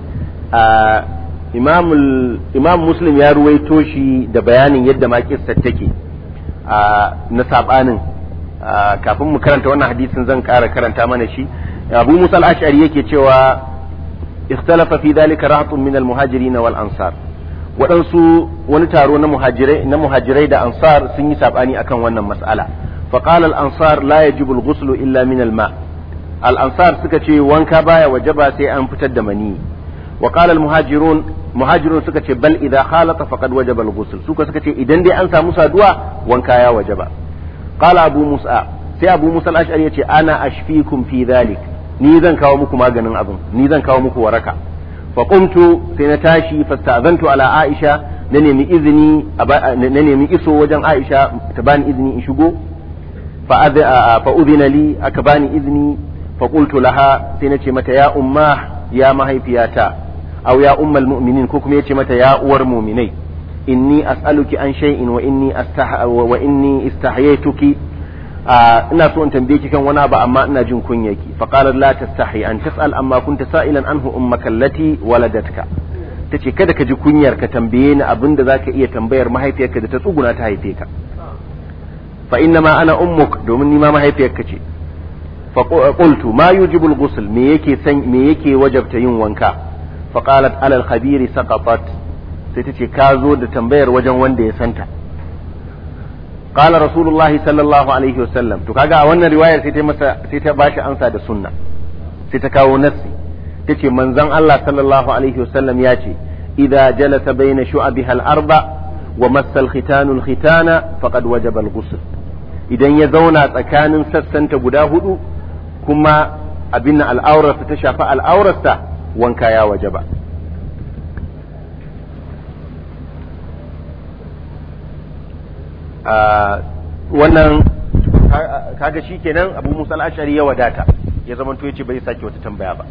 imam muslim ya ruwaito shi da bayanin yadda ma kissar take na sabanin kafin mu karanta wannan hadisin zan kara karanta mana shi abu musa ashari yake cewa ikhtalafa fi dhalika rahatun min wal ansar waɗansu wani taro na muhajirai na muhajirai da ansar sun yi sabani akan wannan mas'ala fa qala al-ansar la yajibu al-ghuslu illa min al-ma al-ansar suka ce wanka baya wajaba sai an fitar da mani wa qala al-muhajirun muhajirun suka ce bal khalata faqad wajaba al-ghusl suka suka ce idan dai an samu saduwa wanka ya wajaba qala abu musa sai abu musa al-ash'ari ana ashfikum fi dhalik ni zan kawo muku maganin abin ni zan kawo muku waraka fa qumtu sai na tashi fasta'zantu ala aisha na nemi izini na nemi iso wajen aisha ta bani izini in shigo fa fa li aka bani izini fa qultu laha sai na ce mata ya umma ya mahaifiyata aw ya ummal mu'minin ko kuma ya ce mata ya uwar mu'minai inni as'aluki an shay'in wa inni astaha wa inni ina so in tambaye ki kan wani ba amma ina jin kunya ki fa qalat la tastahi an tasal amma kunta sa'ilan anhu ummaka allati waladatka tace kada ka ji kunyar ka tambaye ni abinda zaka iya tambayar mahaifiyarka da ta tsuguna ta haife ka fa inna ma ana ummuk domin ni ma mahaifiyarka ce fa qultu ma yujibu al-ghusl me yake san me yake wajabta yin wanka fa qalat ala al-khabiri saqatat sai tace ka zo da tambayar wajen wanda ya santa qala rasulullahi sallallahu alaihi wasallam to kaga a wannan riwayar sai ta masa sai ta bashi ansa da sunna sai ta kawo nassi tace manzon Allah sallallahu alaihi wasallam ya ce idza jalasa baina shu'abiha al-arba wa massa al-khitanu al-khitana faqad wajaba al-ghusl idan ya zauna tsakanin sassanta guda hudu kuma abin al'aurarsa ta shafi al'aurarsa wanka ya wajaba wannan kaga shi kenan abu musa al al-ashari ya wadata ya zama ya ce bai sake wata tambaya ba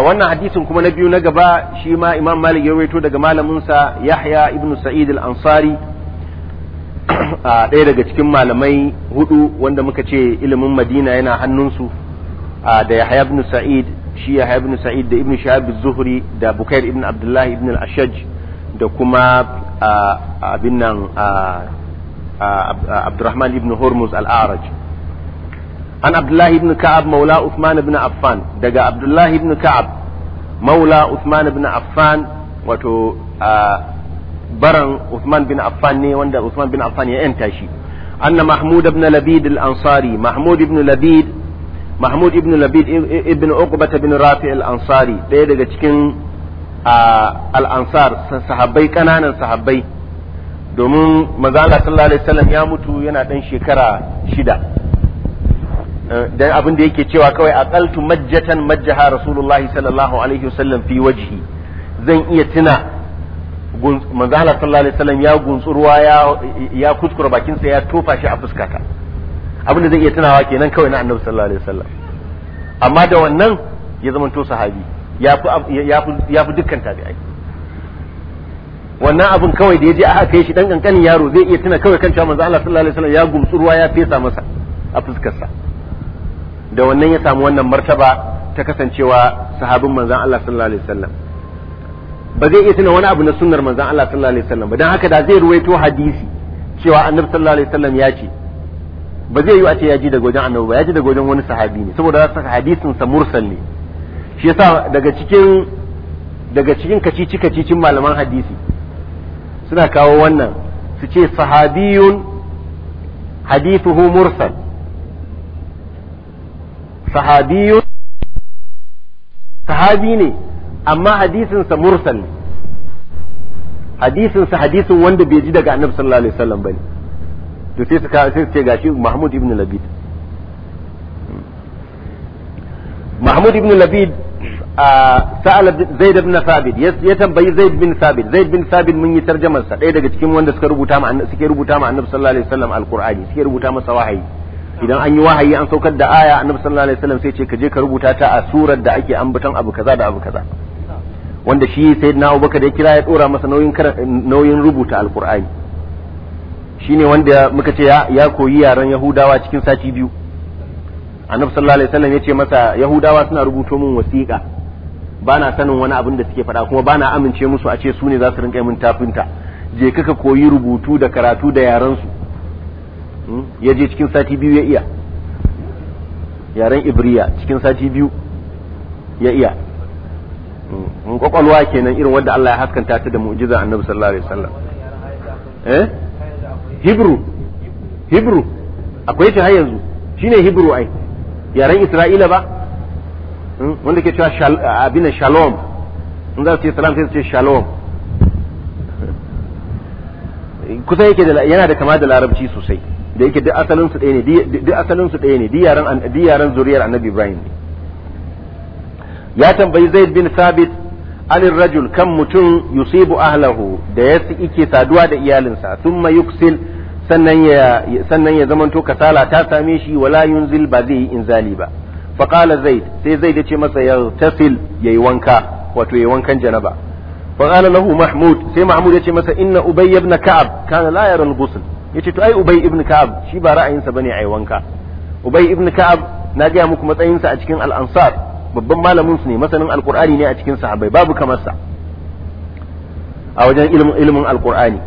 wannan hadisin kuma na biyu na gaba shi ma imam malik ya rawaito daga malaminsa yahya ibn sa'id al-ansari ɗaya daga cikin malamai hudu wanda muka ce ilimin madina yana hannunsu da yahya ibn sa'id shi yahya ibn sa'id da ibn shahab az-zuhri da bukair ibn abdullah ibn al-ashaj da kuma abin nan Abdurrahman ibn Hormuz al-Araj an Abdullah ibn Ka'ab maula Uthman ibn Affan daga Abdullah ibn Ka'ab maula Uthman ibn Affan wato baran Uthman bin Affan ne wanda Uthman bin Affan ya yanta shi anna Mahmud ibn Labid al-Ansari Mahmud ibn Labid Mahmud ibn Labid ibn Uqba ibn Rafi al-Ansari ɗaya daga cikin al-Ansar sahabbai kananan sahabbai domin mazala sallallahu alaihi wasallam ya mutu yana dan shekara shida eh, dan abin da yake cewa kawai aqaltu majjatan majjaha rasulullahi sallallahu alaihi wasallam fi wajhi zan iya tuna manzala sallallahu alaihi wasallam ya gunsurwa ya ya kuskura bakin sa ya tofa shi a fuskata abin da zan iya tunawa kenan kawai na annabi sallallahu alaihi wasallam amma da wannan ya zama to sahabi ya fi ya fi dukkan tabi'ai wannan abin kawai da ya je aka kai shi dan kankanin yaro zai iya tuna kawai kan cewa manzo Allah sallallahu alaihi wasallam ya gumtsu ruwa ya fesa masa a fuskarsa da wannan ya samu wannan martaba ta kasancewa sahabin manzon Allah sallallahu alaihi wasallam ba zai iya tuna wani abu na sunnar manzon Allah sallallahu alaihi wasallam ba dan haka da zai ruwaito hadisi cewa annabi sallallahu alaihi wasallam ya ce ba zai yi a ce ya ji daga wajen annabi ba ya ji daga wajen wani sahabi ne saboda za su hadisin sa mursal ne shi yasa daga cikin daga cikin kacici kacicin malaman hadisi suna kawo wannan su ce sahabiyun hadithuhu mursal sahabiyun sahabi ne amma hadisinsa mursal ne hadisinsa hadisin wanda bai ji daga annabi sallallahu alaihi wasallam bane to sai su sai ce gashi Mahmud ibn Labid Mahmud ibn Labid sa'al zaid bin sabit ya tambayi zaid bin sabit zaid bin sabit mun yi tarjumar sa daga cikin wanda suka rubuta ma suke rubuta ma annabi sallallahu alaihi wasallam alqur'ani suke rubuta masa wahayi idan an yi wahayi an saukar da aya annabi sallallahu alaihi wasallam sai ce ka je ka rubuta ta a surar da ake ambaton abu kaza da abu kaza wanda shi sayyidina da ya kira ya dora masa nauyin nauyin rubuta alqur'ani shine wanda muka ce ya koyi yaran yahudawa cikin sati biyu annabi sallallahu alaihi wasallam ya ce masa yahudawa suna rubuto min wasiƙa ba na sanin wani abin da suke faɗa kuma ba na amince musu a ce su ne za su rinƙa min tafinta je kaka koyi rubutu da karatu da yarensu hmm? ya je cikin sati biyu ya iya yaren ibriya cikin sati biyu ya iya mun hmm? kwakwalwa kenan irin wanda Allah ya haskanta ta da mu'jiza annabi sallallahu alaihi wasallam eh hibru hibru akwai shi har yanzu shine hibru ai yaren isra'ila ba wanda ke cewa abin shalom in za su ce salam sai su ce shalom kusan yake yana da kama da larabci sosai da yake duk asalin su ɗaya ne duk asalin su ɗaya ne duk yaran zuriyar annabi ibrahim ya tambayi zaid bin sabit alin rajul kan mutum yusibu ahlahu da ya ike saduwa da iyalinsa sun yuksil sannan ya sannan ya zamanto kasala ta same shi wala yunzil ba zai yi inzali ba faƙala zaid sai zai ya ce masa Yartasil tasil ya yi wanka wato ya yi wankan janaba faƙala lahu mahmud sai mahmud yace masa inna ubay ibn ka'ab kana la yara al ya ce to ai ubay ibn ka'ab shi ba ra'ayinsa bane ai wanka ubay ibn ka'ab na gaya muku matsayinsa a cikin al-ansar babban malamin su ne masanin al-qur'ani ne a cikin sahabbai babu kamar sa a wajen ilimin ilimin al-qur'ani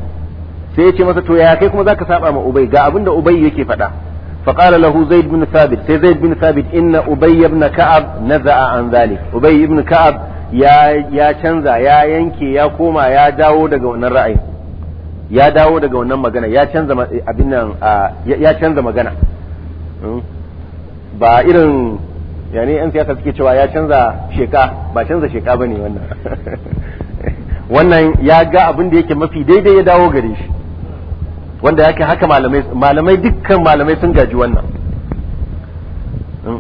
sai ya ce masa Toya yaya kai kuma zaka saba ma ubay ga abinda ubay yake faɗa فقال له زيد بن ثابت سي زيد بن ثابت إن أبي بن كعب نزع عن ذلك أبي بن كعب يا يا شنزا يا ينكي يا كوما يا داو wannan ra'ayi ya dawo daga wannan magana ya canza magana ba irin yani yan siyasa suke cewa ya canza sheka ba canza sheka bane wannan wannan ya ga abin da yake mafi daidai ya dawo gare shi wanda yake haka malamai malamai dukkan malamai sun gaji wannan hmm?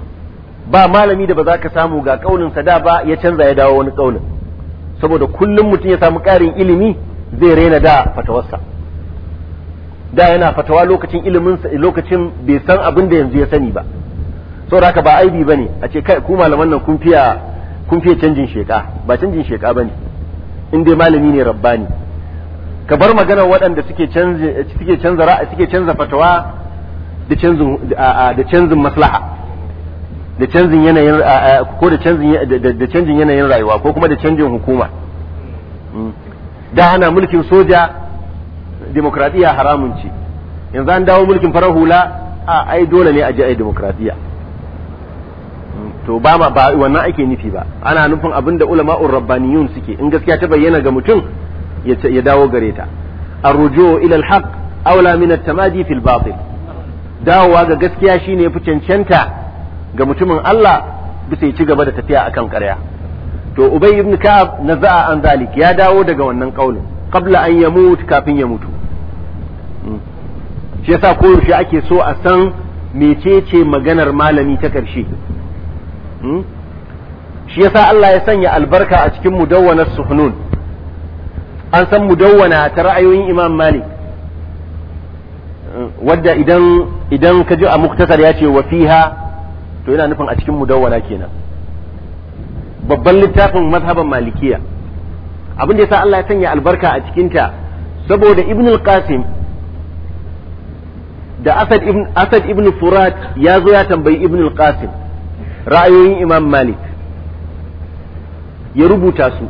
ba malami da ba za ka samu ga kaulin sa da ba ya canza ya dawo wani kaulin saboda kullum mutum ya samu karin ilimi zai rena da fatawarsa da yana fatawa lokacin ilimin lokacin bai san abin da yanzu ya sani ba saboda haka ba aibi bane a ce kai ku malaman nan kun fiya kun fiye canjin sheka ba canjin sheka bane in dai malami ne rabbani ka bar magana waɗanda suke canza ra'a suke canza fatawa da canzin da canzin maslaha da canzin yanayin ko da canzin da canjin yanayin rayuwa ko kuma da canjin hukuma hmm. da hana mulkin soja demokradiya haramun ce yanzu an dawo mulkin farar hula a ai dole ne a ji ai demokradiya hmm. to ba ma ba wannan ake nufi ba ana nufin abinda ulama'ur rabbaniyun suke in gaskiya ta bayyana ga mutum ya dawo gare ta arrujo ilal alhaq aula min tamadi fil batil dawowa ga gaskiya shine yafi cancanta ga mutumin Allah bisa ya ci gaba da tafiya akan ƙarya to ubay ibn ka'ab naza'a an zalik ya dawo daga wannan kaulin qabla an yamut kafin ya mutu hmm. shi yasa ko yaushe ake so a san mecece maganar malami ta ƙarshe hmm. shi yasa Allah ya sanya albarka a cikin mudawwanar suhnun an san mudawwana ta ra'ayoyin imam malik wadda idan idan ka ji a muktasar ya ce wa fiha to yana nufin a cikin mudawwana kenan babban littafin mazhaban malikiya abin da yasa Allah ya sanya albarka a cikinta saboda ibn qasim da asad ibn asad ibn furat ya zo ya tambayi ibn al-qasim ra'ayoyin imam malik ya rubuta su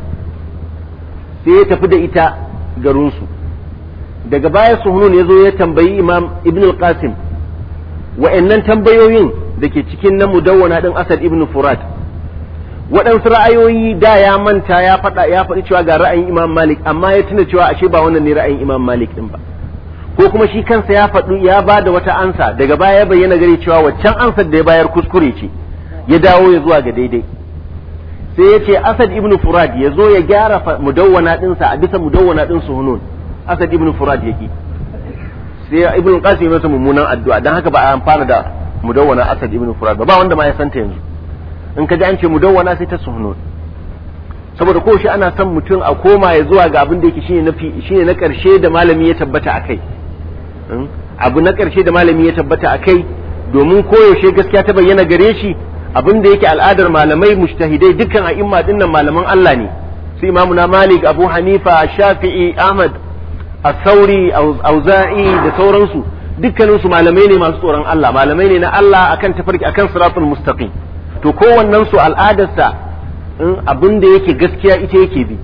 sai ya tafi da ita garinsu daga baya suhunun ya zo ya tambayi imam ibn al-qasim wa'annan tambayoyin da ke cikin na mudawwana din asad ibn furat waɗansu ra'ayoyi da ya manta ya faɗa ya faɗi cewa ga ra'ayin imam malik amma ya tuna cewa ashe ba wannan ne ra'ayin imam malik din ba ko kuma shi kansa ya faɗi ya ba da wata ansa daga baya ya bayyana gare cewa waccan ansar da ya bayar kuskure ce ya dawo ya zuwa ga daidai sai ya ce asad ibn furad ya zo ya gyara mudawwana dinsa a bisa mudawwana din su hunun asad ibn furad yake sai ibn qasim masa mummunan addu'a dan haka ba a amfana da mudawwana asad ibn furad ba wanda ma ya santa yanzu in ka ji an ce mudawwana sai ta suhunun saboda ko shi ana son mutum a koma ya zuwa ga abin da yake shine na shine na karshe da malami ya tabbata akai hmm? abu na karshe da malami ya tabbata akai domin koyaushe gaskiya ta bayyana gare shi abin da yake al'adar malamai mujtahidai dukkan a'imma dinnan malaman Allah ne su imamuna Malik Abu Hanifa Shafi'i Ahmad Asauri Auza'i da sauransu dukkanin su malamai ne masu tsoron Allah malamai ne na Allah akan tafarki akan siratul mustaqim to kowannen su al'adarsa abin da yake gaskiya ita yake bi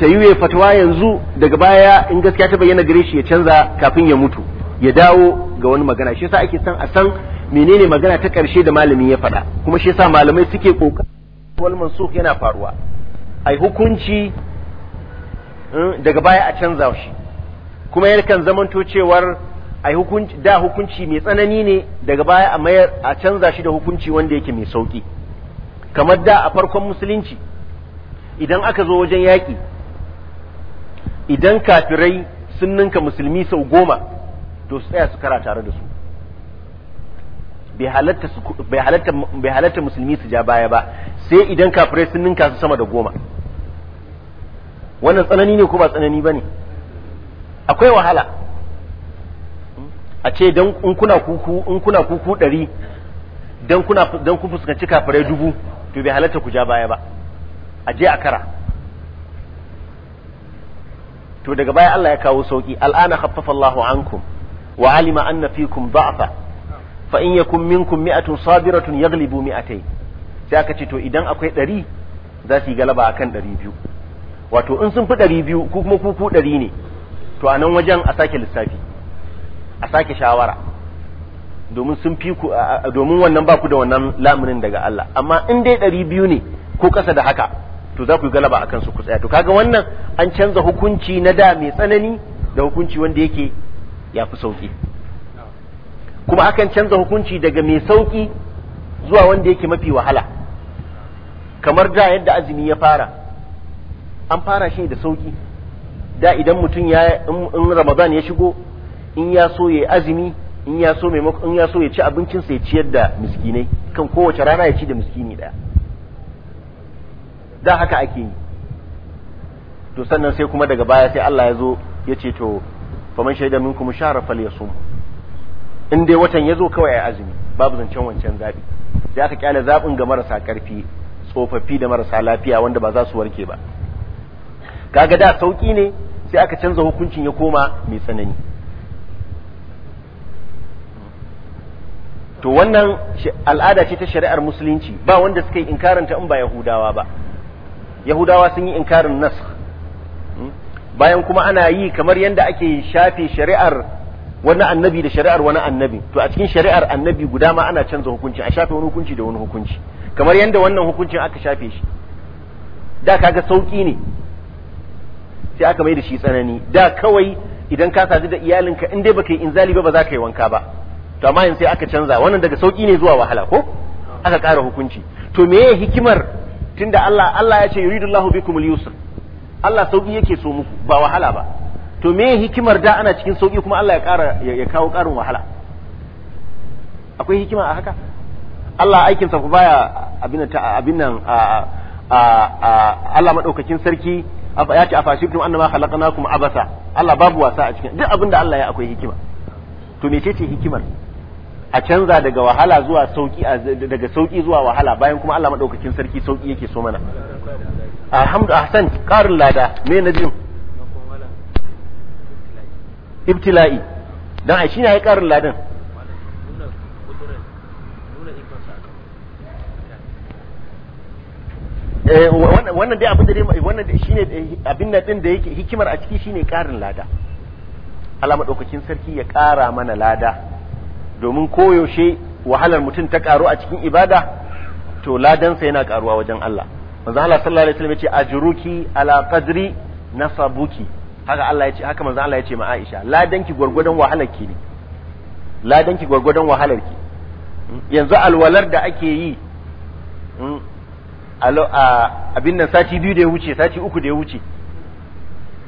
ta yi fatawa yanzu daga baya in gaskiya ta bayyana gare shi ya canza kafin ya mutu ya dawo ga wani magana shi yasa ake san a san menene magana ta ƙarshe da malami ya faɗa kuma shi yasa malamai suke ƙoƙarin wal mansukh yana faruwa ai hukunci hmm, daga baya a canza shi kuma yakan zamanto cewar ai hukunci da hukunci mai tsanani ne daga baya a mayar a canza shi da hukunci wanda yake mai sauki kamar da a farkon musulunci idan aka zo wajen yaƙi idan kafirai sun ninka musulmi sau goma to su tsaya su kara tare da su bai halatta musulmi su ja baya ba sai idan kafirai sun ninka su sama da goma wannan tsanani ne ko ba tsanani ba ne akwai wahala a ce in kuna kuku in kuna kuku ɗari don kuna don ku fuskanci kafirai dubu to bai halatta ku ja baya ba a je a kara to daga baya Allah ya kawo sauki al'ana khaffafa Allahu ankum wa alima anna fikum dha'fa fa in yakun minkum mi'atun sabiratun yaghlibu mi'atayn sai aka ce to idan akwai ɗari za su yi galaba akan ɗari biyu wato in sun fi ɗari biyu ko kuma kuku ɗari ne to a nan wajen a sake lissafi a sake shawara domin sun fi ku domin wannan ba ku da wannan lamunin daga Allah amma in dai ɗari biyu ne ko kasa da haka to za ku yi galaba akan su ku tsaya to kaga wannan an canza hukunci na da mai tsanani da hukunci wanda yake ya fi sauƙi kuma akan canza hukunci daga mai sauki zuwa wanda yake mafi wahala kamar da yadda azumi ya fara an fara shi da sauki da idan mutum ya in ramadan ya shigo in ya so ya azumi in ya so in ya so ya ci abincin sa ya ciyar da miskinai kan kowace rana ya ci da miskini daya da haka ake yi to sannan sai kuma daga baya sai Allah ya zo ya ce to faman shaida minkum shahra falyasum in dai watan ya zo kawai a azumi babu zancen wancan zaɓi sai aka kyale zaɓin ga marasa ƙarfi tsofaffi da marasa lafiya wanda ba za su warke ba kaga da sauƙi ne sai aka canza hukuncin ya koma mai tsanani to wannan al'ada ce ta shari'ar musulunci ba wanda suka yi inkaranta in ba yahudawa ba yahudawa sun yi inkarin nas hmm? bayan kuma ana yi kamar yadda ake shafe shari'ar wani annabi da shari'ar wani annabi to a cikin shari'ar annabi guda ma ana canza hukunci a shafe wani hukunci da wani hukunci kamar yadda wannan hukuncin aka shafe shi da kaga sauki ne sai aka mai da shi tsanani da kawai idan ka sadu da iyalinka in dai baka yi inzali ba ba za ka yi wanka ba to amma yanzu sai aka canza wannan daga sauki ne zuwa wahala ko aka ƙara hukunci to meye hikimar tunda Allah Allah ya ce yuridullahu bikumul yusr Allah sauki yake so muku ba wahala ba to me hikimar da ana cikin sauki kuma Allah ya ƙara ya kawo ƙarin wahala akwai hikima a haka Allah aikinsa ku baya abin nan abin nan Allah madaukakin sarki ya ce afashibtum annama khalaqnakum abasa Allah babu wasa a cikin duk abin da Allah ya akwai hikima to me ce hikimar a canza daga wahala zuwa sauki daga sauki zuwa wahala bayan kuma Allah madaukakin sarki sauki yake so mana alhamdu ahsan qarul lada me na ibtila'i dan ai shine ya karin ladan eh, wannan dai abin da wannan shine eh, abin nan din da yake hikimar a ciki shine karin lada Allah madaukakin sarki ya kara mana lada domin koyaushe wahalar mutum ta karu a cikin ibada to ladansa yana karuwa wajen Allah manzo Allah sallallahu alaihi wasallam yace ajruki ala qadri nasabuki haka Allah ya ce haka manzo Allah ya ce ma Aisha danki gwargwadon wahalar ki ne danki gwargwadon wahalar ki hmm? yanzu alwalar da ake yi hmm, abin nan sati biyu da ya wuce sati uku da ya wuce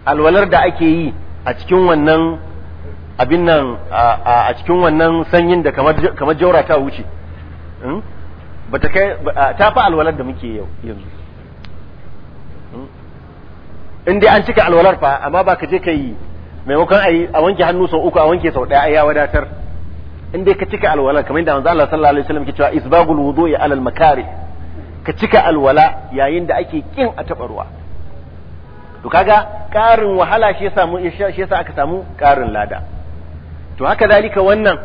alwalar da ake yi a cikin wannan abin nan a cikin wannan sanyin da kamar jaura ta wuce hmm, ta fa alwalar da muke yau yanzu in dai an cika alwalar fa amma ba ka je ka yi maimakon ayi a wanke hannu sau uku a wanke sau daya ya wadatar in dai ka cika alwalar kamar yadda manzo Allah sallallahu alaihi wasallam ke cewa isbagul wudu'i al makari ka cika alwala yayin da ake kin a taba ruwa to kaga ƙarin wahala shi yasa shi yasa aka samu ƙarin lada to haka dalika wannan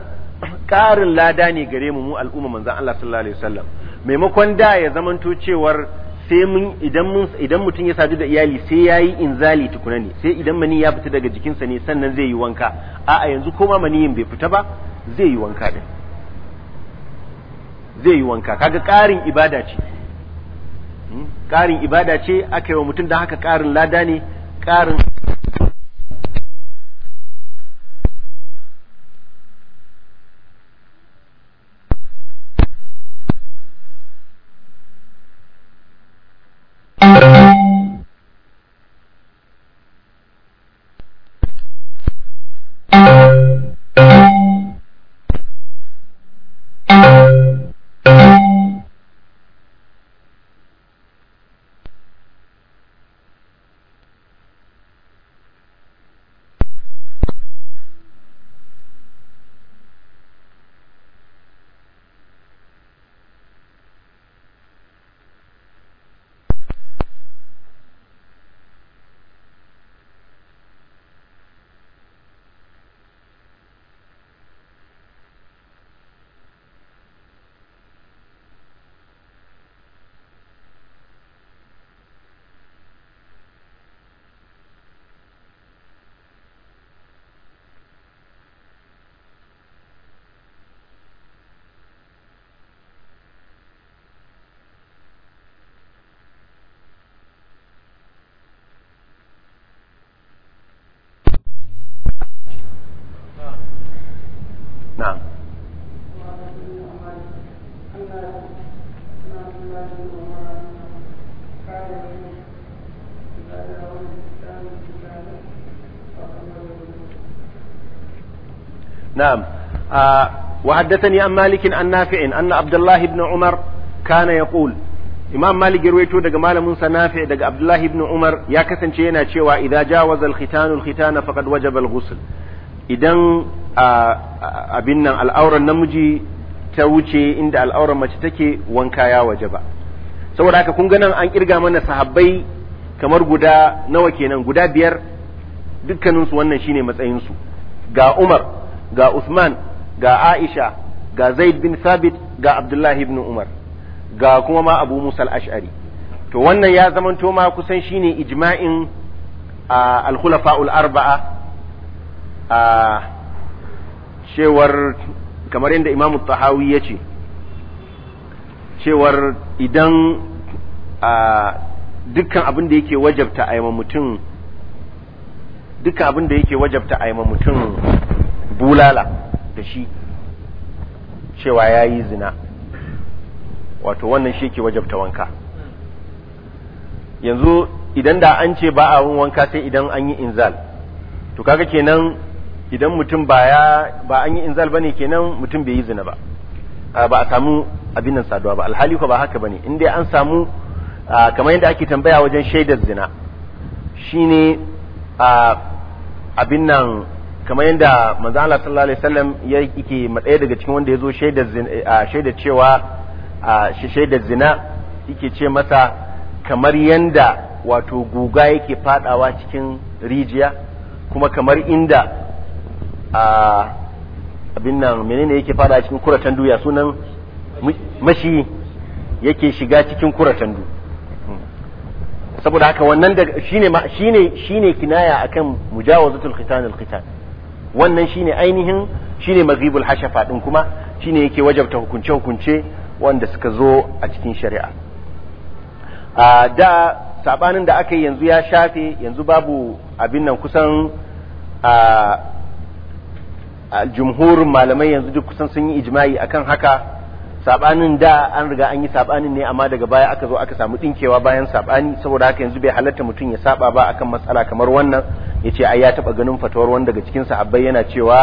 ƙarin lada ne gare mu mu al'umma manzo Allah sallallahu alaihi wasallam maimakon da ya zamanto cewar sai mun idan mun idan mutum ya sadu da iyali sai yayi inzali tukuna ne sai idan mani ya fita daga jikinsa ne sannan zai yi wanka a a yanzu ko ma yin bai fita ba zai yi wanka din zai yi wanka kaga ƙarin ibada ce hmm? ƙarin ibada ce aka yi wa mutum da haka ƙarin lada ne ƙarin نعم آه وحدثني عن مالك عن نافع ان عبد الله بن عمر كان يقول امام مالك رويته دق مال منسى نافع دق عبد الله بن عمر يا كسنچه yana cewa اذا جاوز الختان الختان فقد وجب الغسل إذن abin nan al'auran namiji ta wuce inda al'auran mace take wanka ya waje ba saboda haka kun ganin an kirga mana sahabbai kamar guda nawa kenan guda biyar dukkaninsu wannan shine matsayinsu ga umar ga Usman ga Aisha ga Zaid bin Sabit ga Abdullahi ibn Umar ga kuma ma Abu Musa al-Ash'ari to wannan ya zamanto ma kusan shine ijma'in al-khulafa'ul arba'a a cewar kamar yadda Imam Tahawi ya ce cewar idan dukkan abin da yake wajabta a mutum dukkan abin da yake wajabta a mutum bulala da shi cewa ya yi zina wato wannan shi ke wajabta wanka yanzu idan da an ce ba a wun wanka sai idan an yi inzal to kaga kenan idan mutum ba ya ba an yi inzal bane kenan mutum bai yi zina ba ba a samu abin nan saduwa ba alhali ko ba haka bane in dai an samu kamar yadda ake tambaya wajen shaidar zina shine abin nan kamar yadda manzo Allah sallallahu alaihi wasallam yake madaya daga cikin wanda yazo shaidar shaida cewa shaidar zina yake ce masa kamar yanda wato guga yake fadawa cikin rijiya kuma kamar inda abin nan menene yake fada cikin kuratan duya sunan mashi yake shiga cikin kuratan du saboda haka wannan shine shine shine kinaya akan mujawazatul khitan al khitan wannan shine ainihin shine maghibul hashafa din kuma shine yake wajabta hukunce hukunce wanda suka zo a cikin shari'a a da sabanin da aka yi yanzu ya shafe yanzu babu abin nan kusan a jumhurin malamai yanzu duk kusan sun yi ijma'i akan haka sabanin da an riga an yi sabanin ne amma daga baya aka zo aka samu dinkewa bayan sabani saboda haka yanzu bai halatta mutum ya saba ba akan matsala kamar wannan yace ai ya taba ganin fatawar wanda daga cikin sahabbai yana cewa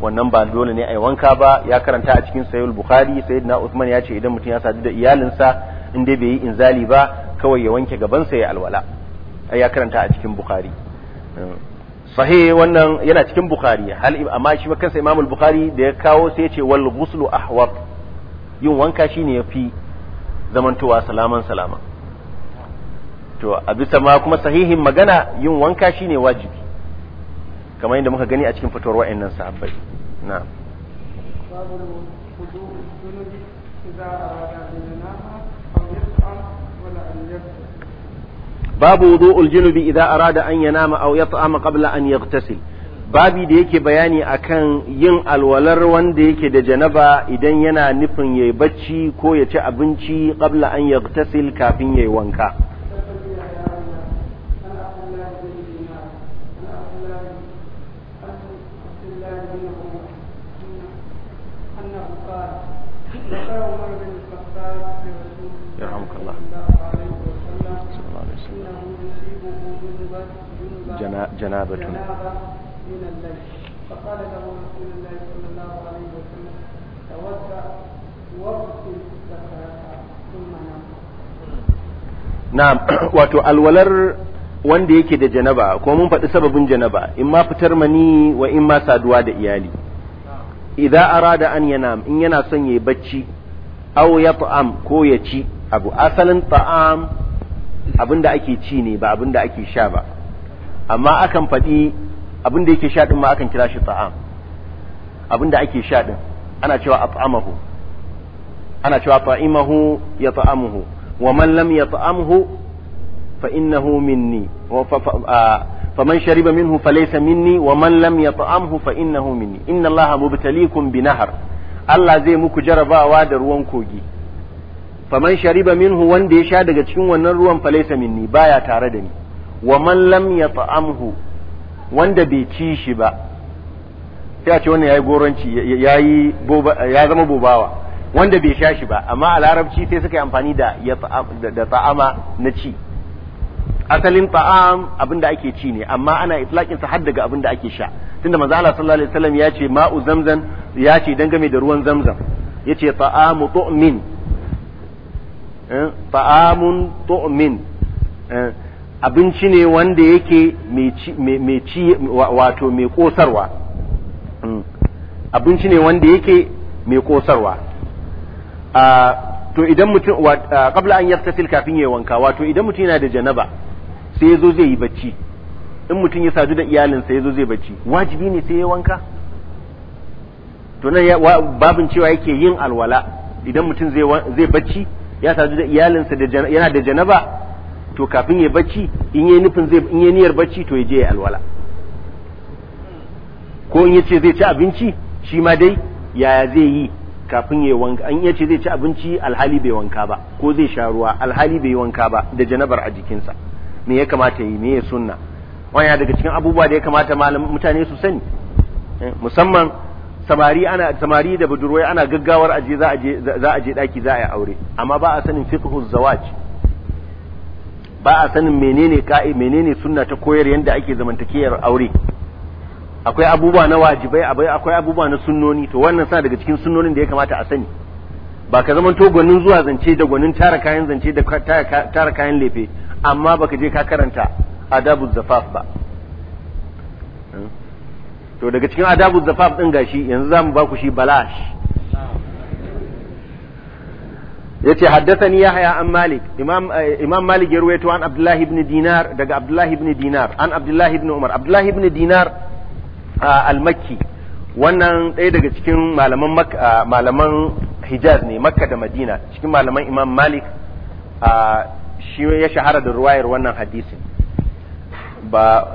wannan ba dole ne ai wanka ba ya karanta a cikin sahih bukhari sayyidina usman ya ce idan mutum ya sadu da iyalinsa in dai bai yi inzali ba kawai ya wanke gaban sa ya alwala ai ya karanta a cikin bukhari sahih wannan yana cikin bukhari hal amma shi kansa imamul bukhari da ya kawo sai ya ce wal ghuslu ahwab yin wanka shine yafi zamantowa salaman salama to a bisa ma kuma sahihin magana yin wanka shine wajibi kamar yadda muka gani a cikin fitowar wa'annan sahabbai na. babu wudu'ul junubi idza arada an yanama aw yat'ama qabla an yaghtasil babi da yake bayani akan yin alwalar wanda yake da janaba idan yana nufin yayi bacci ko ya ci abinci ƙabla an tasil kafin yayi wanka جنابة na wato alwalar wanda yake da janaba ko mun faɗi sababin janaba in ma fitar mani wa in ma saduwa da iyali idza arada an yanam in yana son yayi bacci aw yat'am ko ya ci abu asalin ta'am abinda ake ci ne ba abinda ake sha ba amma akan faɗi abin da yake sha din ma akan kira shi ta'am abin da ake sha din ana cewa at'amahu ana cewa ta'imahu ya ta'amuhu wa man lam ya ta'amhu fa innahu minni wa fa man shariba minhu fa laysa minni wa man lam ya ta'amhu fa innahu minni inna allaha mubtaliikum bi nahar Allah zai muku jarabawa da ruwan kogi Fa faman shariba minhu wanda ya sha daga cikin wannan ruwan fa laysa minni baya tare da ni wa man lam ya ta'amhu wanda bai ci shi ba sai a ce wannan yayi goranci yayi ya zama bobawa wanda bai sha shi ba amma a larabci sai suka yi amfani da da ta'ama na ci asalin ta'am abinda ake ci ne amma ana itlaqin sa har daga abinda ake sha tunda manzo Allah sallallahu alaihi wasallam ya ce ma'u zamzam ya ce dangane da ruwan zamzam yace ta'amu tu'min eh, ta'amun tu'min eh, abinci ne wanda yake mai ci wato mai kosarwa hmm. abinci ne wanda yake mai kosarwa ah, to idan mutum kabla ah, an yaftasil kafin yayi wanka wato idan mutum yana da janaba sai yazo zai yi bacci in mutum ya sadu da iyalinsa yazo zai bacci wajibi ne sai yayi wanka to nan babin cewa yake yin alwala idan mutum zai bacci ya sadu da iyalinsa yana da janaba to kafin ya bacci in yayi nufin zai in yayi niyyar bacci to ya je ya alwala ko in yace zai ci abinci shi ma dai yaya zai yi kafin ya wanka an yace zai ci abinci alhali bai wanka ba ko zai sha ruwa alhali bai wanka ba da janabar a jikinsa me ya kamata yi me ya sunna wannan daga cikin abubuwa da ya kamata mutane su sani eh, musamman samari ana samari da budurwai ana gaggawar aje za a je za a je daki za a yi aure amma ba a sanin fiqhu zawaj ba a sanin menene ka'i menene sunna ta koyar yadda ake zamantakewar aure akwai abubuwa na wajibai akwai abubuwa na sunnoni to wannan suna daga cikin sunnonin da ya kamata a sani ba ka zaman to gwanin zuwa zance da gwanin tara kayan zance da tara kayan lefe amma ba ka je ka karanta adabu zafaf ba hmm? to daga cikin adabu zafaf din gashi yanzu zamu ba ku shi balash yace haddathani yahya an malik imam eh, imam malik ya ruwaito an abdullah ibn dinar daga abdullah ibn dinar an abdullah ibn umar abdullah ibn dinar ah, al-makki wannan ɗaya daga cikin malaman ah, malaman hijaz ne makka da madina cikin malaman imam malik ah, shi ya shahara da ruwayar wannan hadisin ba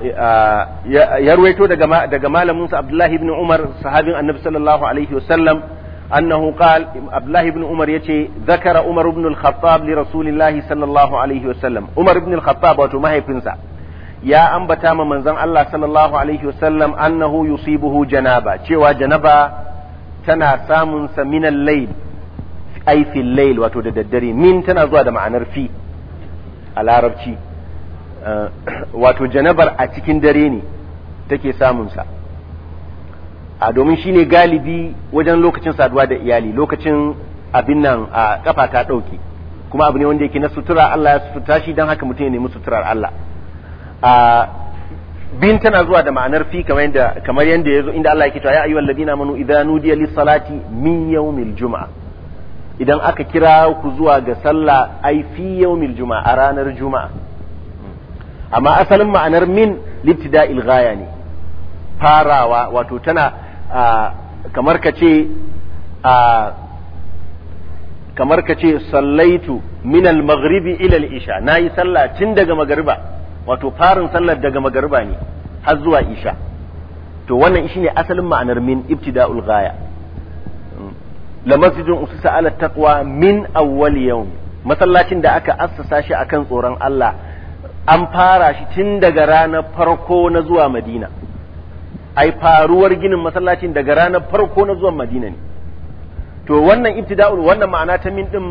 ya ruwaito daga daga malamin sa abdullah ibn umar sahabin annabi sallallahu alaihi wasallam أنه قال عبد الله بن عمر يتي ذكر عمر بن الخطاب لرسول الله صلى الله عليه وسلم عمر بن الخطاب وتو ما هي بنسا يا أنبتا من زن الله صلى الله عليه وسلم أنه يصيبه جنابة تشوى جنابة تنا سامن من الليل أي في الليل وتو ددري من تنا زوادة معنى في العرب تي wato janabar a cikin dare ne take samunsa a domin shine galibi wajen lokacin saduwa da iyali lokacin abin nan a kafa ta dauke kuma abu ne wanda yake na sutura Allah ya sutura shi don haka mutum ya nemi suturar Allah a bin tana zuwa da ma'anar fi kamar yadda kamar yadda yazo inda Allah yake cewa ya ayyuhal ladina amanu idza nudiya lis salati min yawmil juma'a idan aka kira ku zuwa ga sallah ai fi yawmil juma'a a ranar juma'a amma asalin ma'anar min libtida'il ghaya ne farawa wato tana kamar ka ce kamar ka ce sallaitu minal maghribi ilal isha na yi sallah tun daga magariba wato farin sallar daga magariba ne har zuwa isha to wannan shi ne asalin ma'anar min ibtida'ul ghaya la masjidun usisa ala taqwa min awwal yawm masallacin da aka assasa shi akan tsoron Allah an fara shi tun daga ranar farko na zuwa Madina ai faruwar ginin masallacin daga ranar farko na zuwan madina ne to wannan ibtida'ul wannan ma'ana ta min din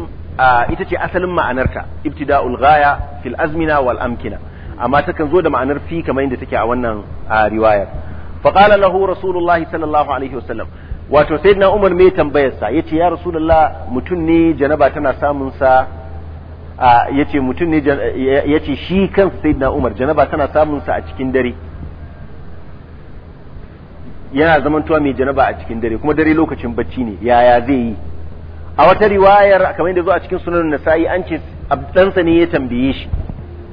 ita ce asalin ma'anarta ibtida'ul ghaya fil azmina wal amkina amma takan zo da ma'anar fi kamar yadda take a wannan riwayar fa qala lahu rasulullahi sallallahu alaihi wasallam wato sayyidina umar me tambayar sa yace ya rasulullah mutun ne janaba tana samun sa yace mutun ne yace shi kansa sayyidina umar janaba tana samun sa a cikin dare yana zamantowa mai janaba a cikin dare kuma dare lokacin bacci ne yaya zai yi a wata riwayar kamar yadda zo a cikin sunan nasa'i an ce ɗansa ne ya tambaye shi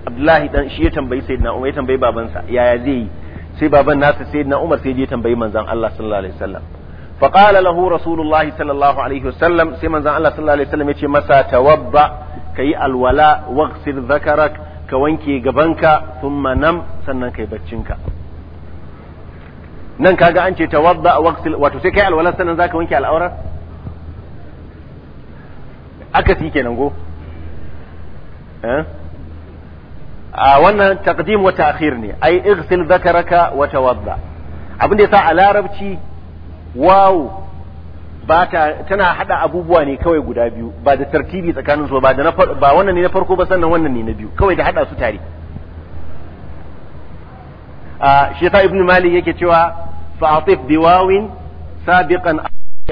abdullahi dan shi ya tambayi sayyidina umar ya tambayi babansa yaya zai yi sai baban nasa sayyidina umar sai ya tambayi manzon Allah sallallahu alaihi wasallam fa qala lahu rasulullahi sallallahu alaihi wasallam sai manzon Allah sallallahu alaihi wasallam ya ce masa tawabba kayi alwala waghsil dhakarak ka wanke gabanka thumma nam sannan kai baccinka nan kaga an ce tawadda waqtil wato sai kai alwala sannan zaka wanke al'aura aka si kenan go eh a wannan taqdim wa ta'khir ne ai ighsil dhakaraka wa tawadda abin da yasa a larabci waw ba ta tana hada abubuwa ne kawai guda biyu ba da tartibi tsakanin su ba da ba wannan ne na farko ba sannan wannan ne na biyu kawai da hada su tare shi ta ibn malik yake cewa fa'atif biwawin sabiqan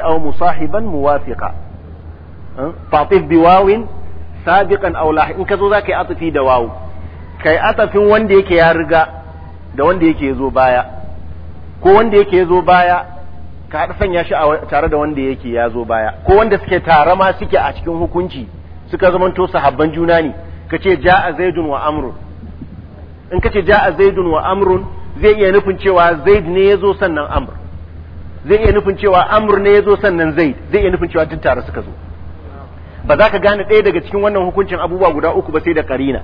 aw musahiban muwafiqa fa'atif biwawin sabiqan aw lahi in ka zo zaka yi atafi da wawu kai atafin wanda yake ya riga da wanda yake zo baya ko wanda yake zo baya ka haɗa sanya shi tare da wanda yake ya zo baya ko wanda suke tare ma suke a cikin hukunci suka zamanto sahabban juna ne ka ce ja'a zaidun wa amrun in ka ja'a zaidun wa amrun zai iya nufin cewa zaid ne ya zo sannan amr zai iya nufin cewa Amur ne ya zo sannan zaid zai iya nufin cewa tun tare suka zo ba za ka gane ɗaya daga cikin wannan hukuncin abubuwa guda uku ba sai da karina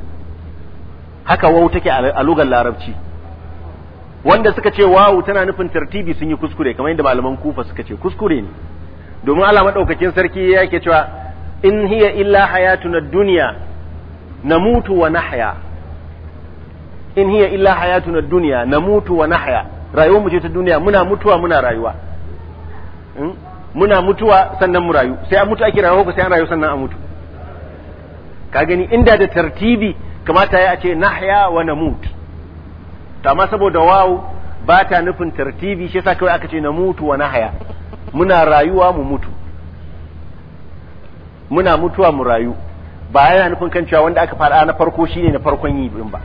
haka wau take a lugar larabci wanda suka ce wawu tana nufin tartibi sun yi kuskure kamar yadda malaman kufa suka ce kuskure ne domin Allah madaukakin sarki yake cewa in hiya illa hayatuna dunya namutu wa nahya in hiya illa hayatuna dunya namutu wa nahya rayuwar mu ce ta duniya muna mutuwa muna rayuwa hmm? muna mutuwa sannan mu rayu sai an mutu ake rayuwa ko sai an rayu sannan a mutu ka gani inda da tartibi kamata ya ce nahya wa namut ta amma saboda wawu ba ta nufin tartibi shi yasa kawai aka ce namutu wa nahya muna rayuwa mu mutu muna mutuwa mu rayu ba yana nufin kan cewa wanda aka fara na farko shine na farkon yi ba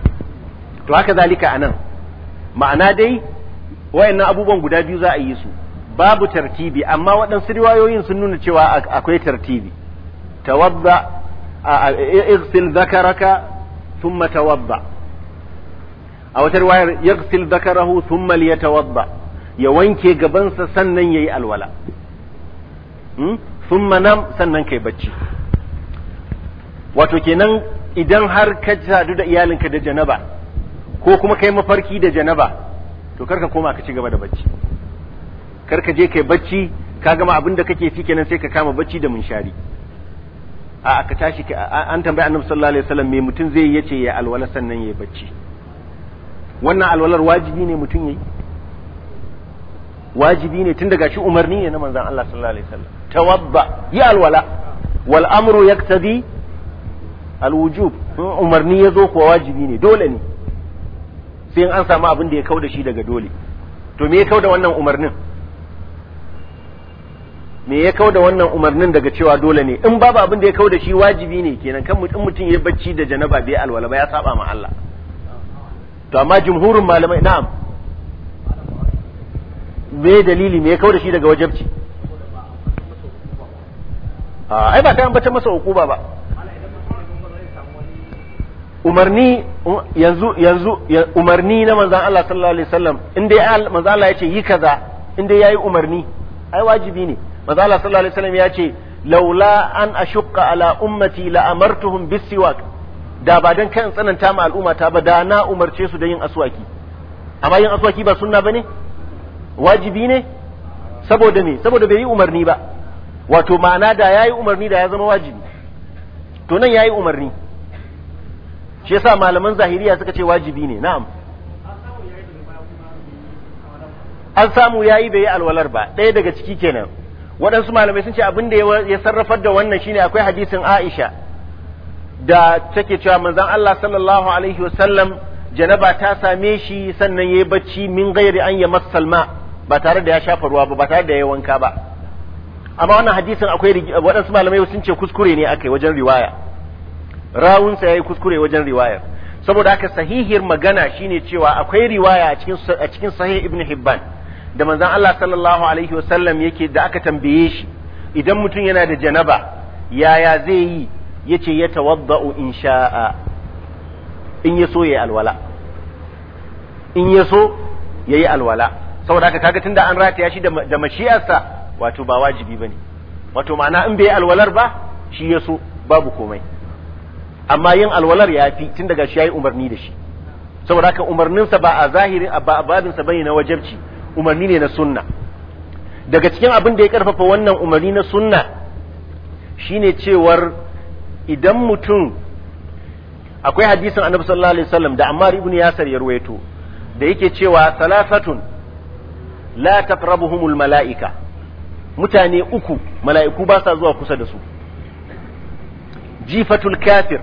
to haka zalika a nan ma'ana dai wayannan abubuwan guda biyu za a yi su babu tartibi amma waɗansu riwayoyin sun nuna cewa akwai tartibi tawadda igsil zakaraka thumma tawadda a wata riwayar yagsil zakarahu thumma liyatawadda ya wanke gabansa sannan yayi alwala hmm? thumma nam sannan kai bacci wato kenan idan har ka sadu da iyalinka da janaba ko kuma kai mafarki da janaba to karka koma ka ci gaba da bacci karka je kai bacci ka gama abin da kake ci nan sai ka kama bacci da munshari a ka tashi ka an tambayi annabi sallallahu alaihi wasallam me mutum zai yace ya alwala sannan yayi bacci wannan alwalar wajibi ne mutum yayi wajibi ne tun daga shi umarni ne na manzon Allah sallallahu alaihi wasallam tawabba ya alwala wal amru yaktadi alwujub umarni yazo kuwa wajibi ne dole ne sai an samu abin da ya kau da shi daga dole to me ya kau da wannan umarnin me ya kau da wannan umarnin daga cewa dole ne in babu abin da ya kau da shi wajibi ne kenan kan mutum mutum ya bacci da janaba bai alwala ba ya saba ma Allah to amma jumhurin malamai na'am me dalili me ya kau da shi daga a ah, ai ba ta ambata masa hukuma ba umarni um, yanzu yanzu umarni na manzon Allah sallallahu alaihi wasallam in dai manzon Allah ya ce yi kaza in dai yayi umarni ai wajibi ne manzon Allah sallallahu alaihi wasallam ya ce laula an ashqa ala ummati la amartuhum bisiwak da ba dan kan tsananta ma al'umma ba da na umarce su da yin aswaki amma yin aswaki ba sunna bane wajibi ne saboda me saboda bai yi umarni ba wato ma'ana da yayi umarni da ya zama wajibi to nan yayi umarni shi yasa malaman zahiriya suka ce wajibi ne na'am an samu yayi bai yi alwalar ba ɗaya daga ciki kenan waɗansu malamai sun ce abin da ya sarrafar da wannan shine akwai hadisin Aisha da take cewa manzon Allah sallallahu alaihi wasallam janaba ta same shi sannan yayi bacci min gairi an ya masalma ba tare da ya shafa ruwa ba ba tare da ya wanka ba amma wannan hadisin akwai waɗansu malamai sun ce kuskure ne akai wajen riwaya rawunsa ya yi kuskure wajen riwayar saboda haka sahihir magana shine cewa akwai riwaya a cikin a cikin sahih ibn hibban da manzon Allah sallallahu alaihi wasallam yake da aka tambaye shi idan mutum yana da janaba yaya zai yi yace ya tawadda'u in sha'a in yaso yayi alwala in yaso yayi alwala saboda haka kaga tunda an rataya shi da mashi'arsa wato ba wajibi bane wato ma'ana in bai alwalar ba shi yaso babu komai amma yin alwalar ya fi tun daga shi ya yi umarni da shi saboda haka umarninsa ba a zahirin ba a babinsa bane na wajabci umarni ne na sunna daga cikin abin da ya karfafa wannan umarni na sunna shine cewar idan mutum akwai hadisin annabi sallallahu alaihi wasallam da Ammar ibn Yasir ya ruwaito da yake cewa salasatun la taqrabuhumul malaika mutane uku mala'iku ba sa zuwa kusa da su jifatul kafir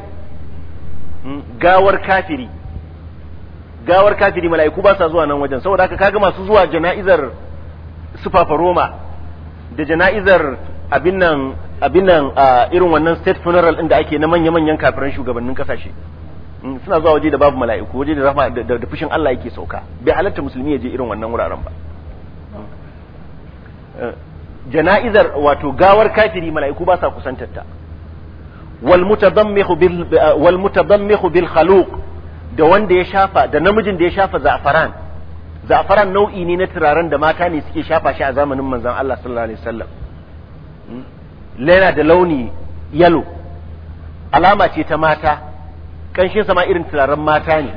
hmm, gawar kafiri gawar kafiri mala'iku ba sa zuwa nan wajen saboda haka kaga masu zuwa jana'izar sufafa roma da jana'izar abin nan abin nan irin wannan state funeral din da ake na manya-manyan kafiran shugabannin kasashe hmm, suna zuwa waje da babu mala'iku waje da rahma da fushin Allah yake sauka bai halatta musulmi ya je irin wannan wuraren ba eh, jana'izar wato gawar kafiri mala'iku ba sa kusantar ta wal mutadammihu bil khaluq da wanda ya shafa da namijin da ya shafa za'faran za'faran nau'i ne na turaren da mata ne suke shafa shi a zamanin manzon Allah sallallahu alaihi wasallam Laina hmm? da launi yalo alama ce ta mata kanshin sama irin turaren mata ne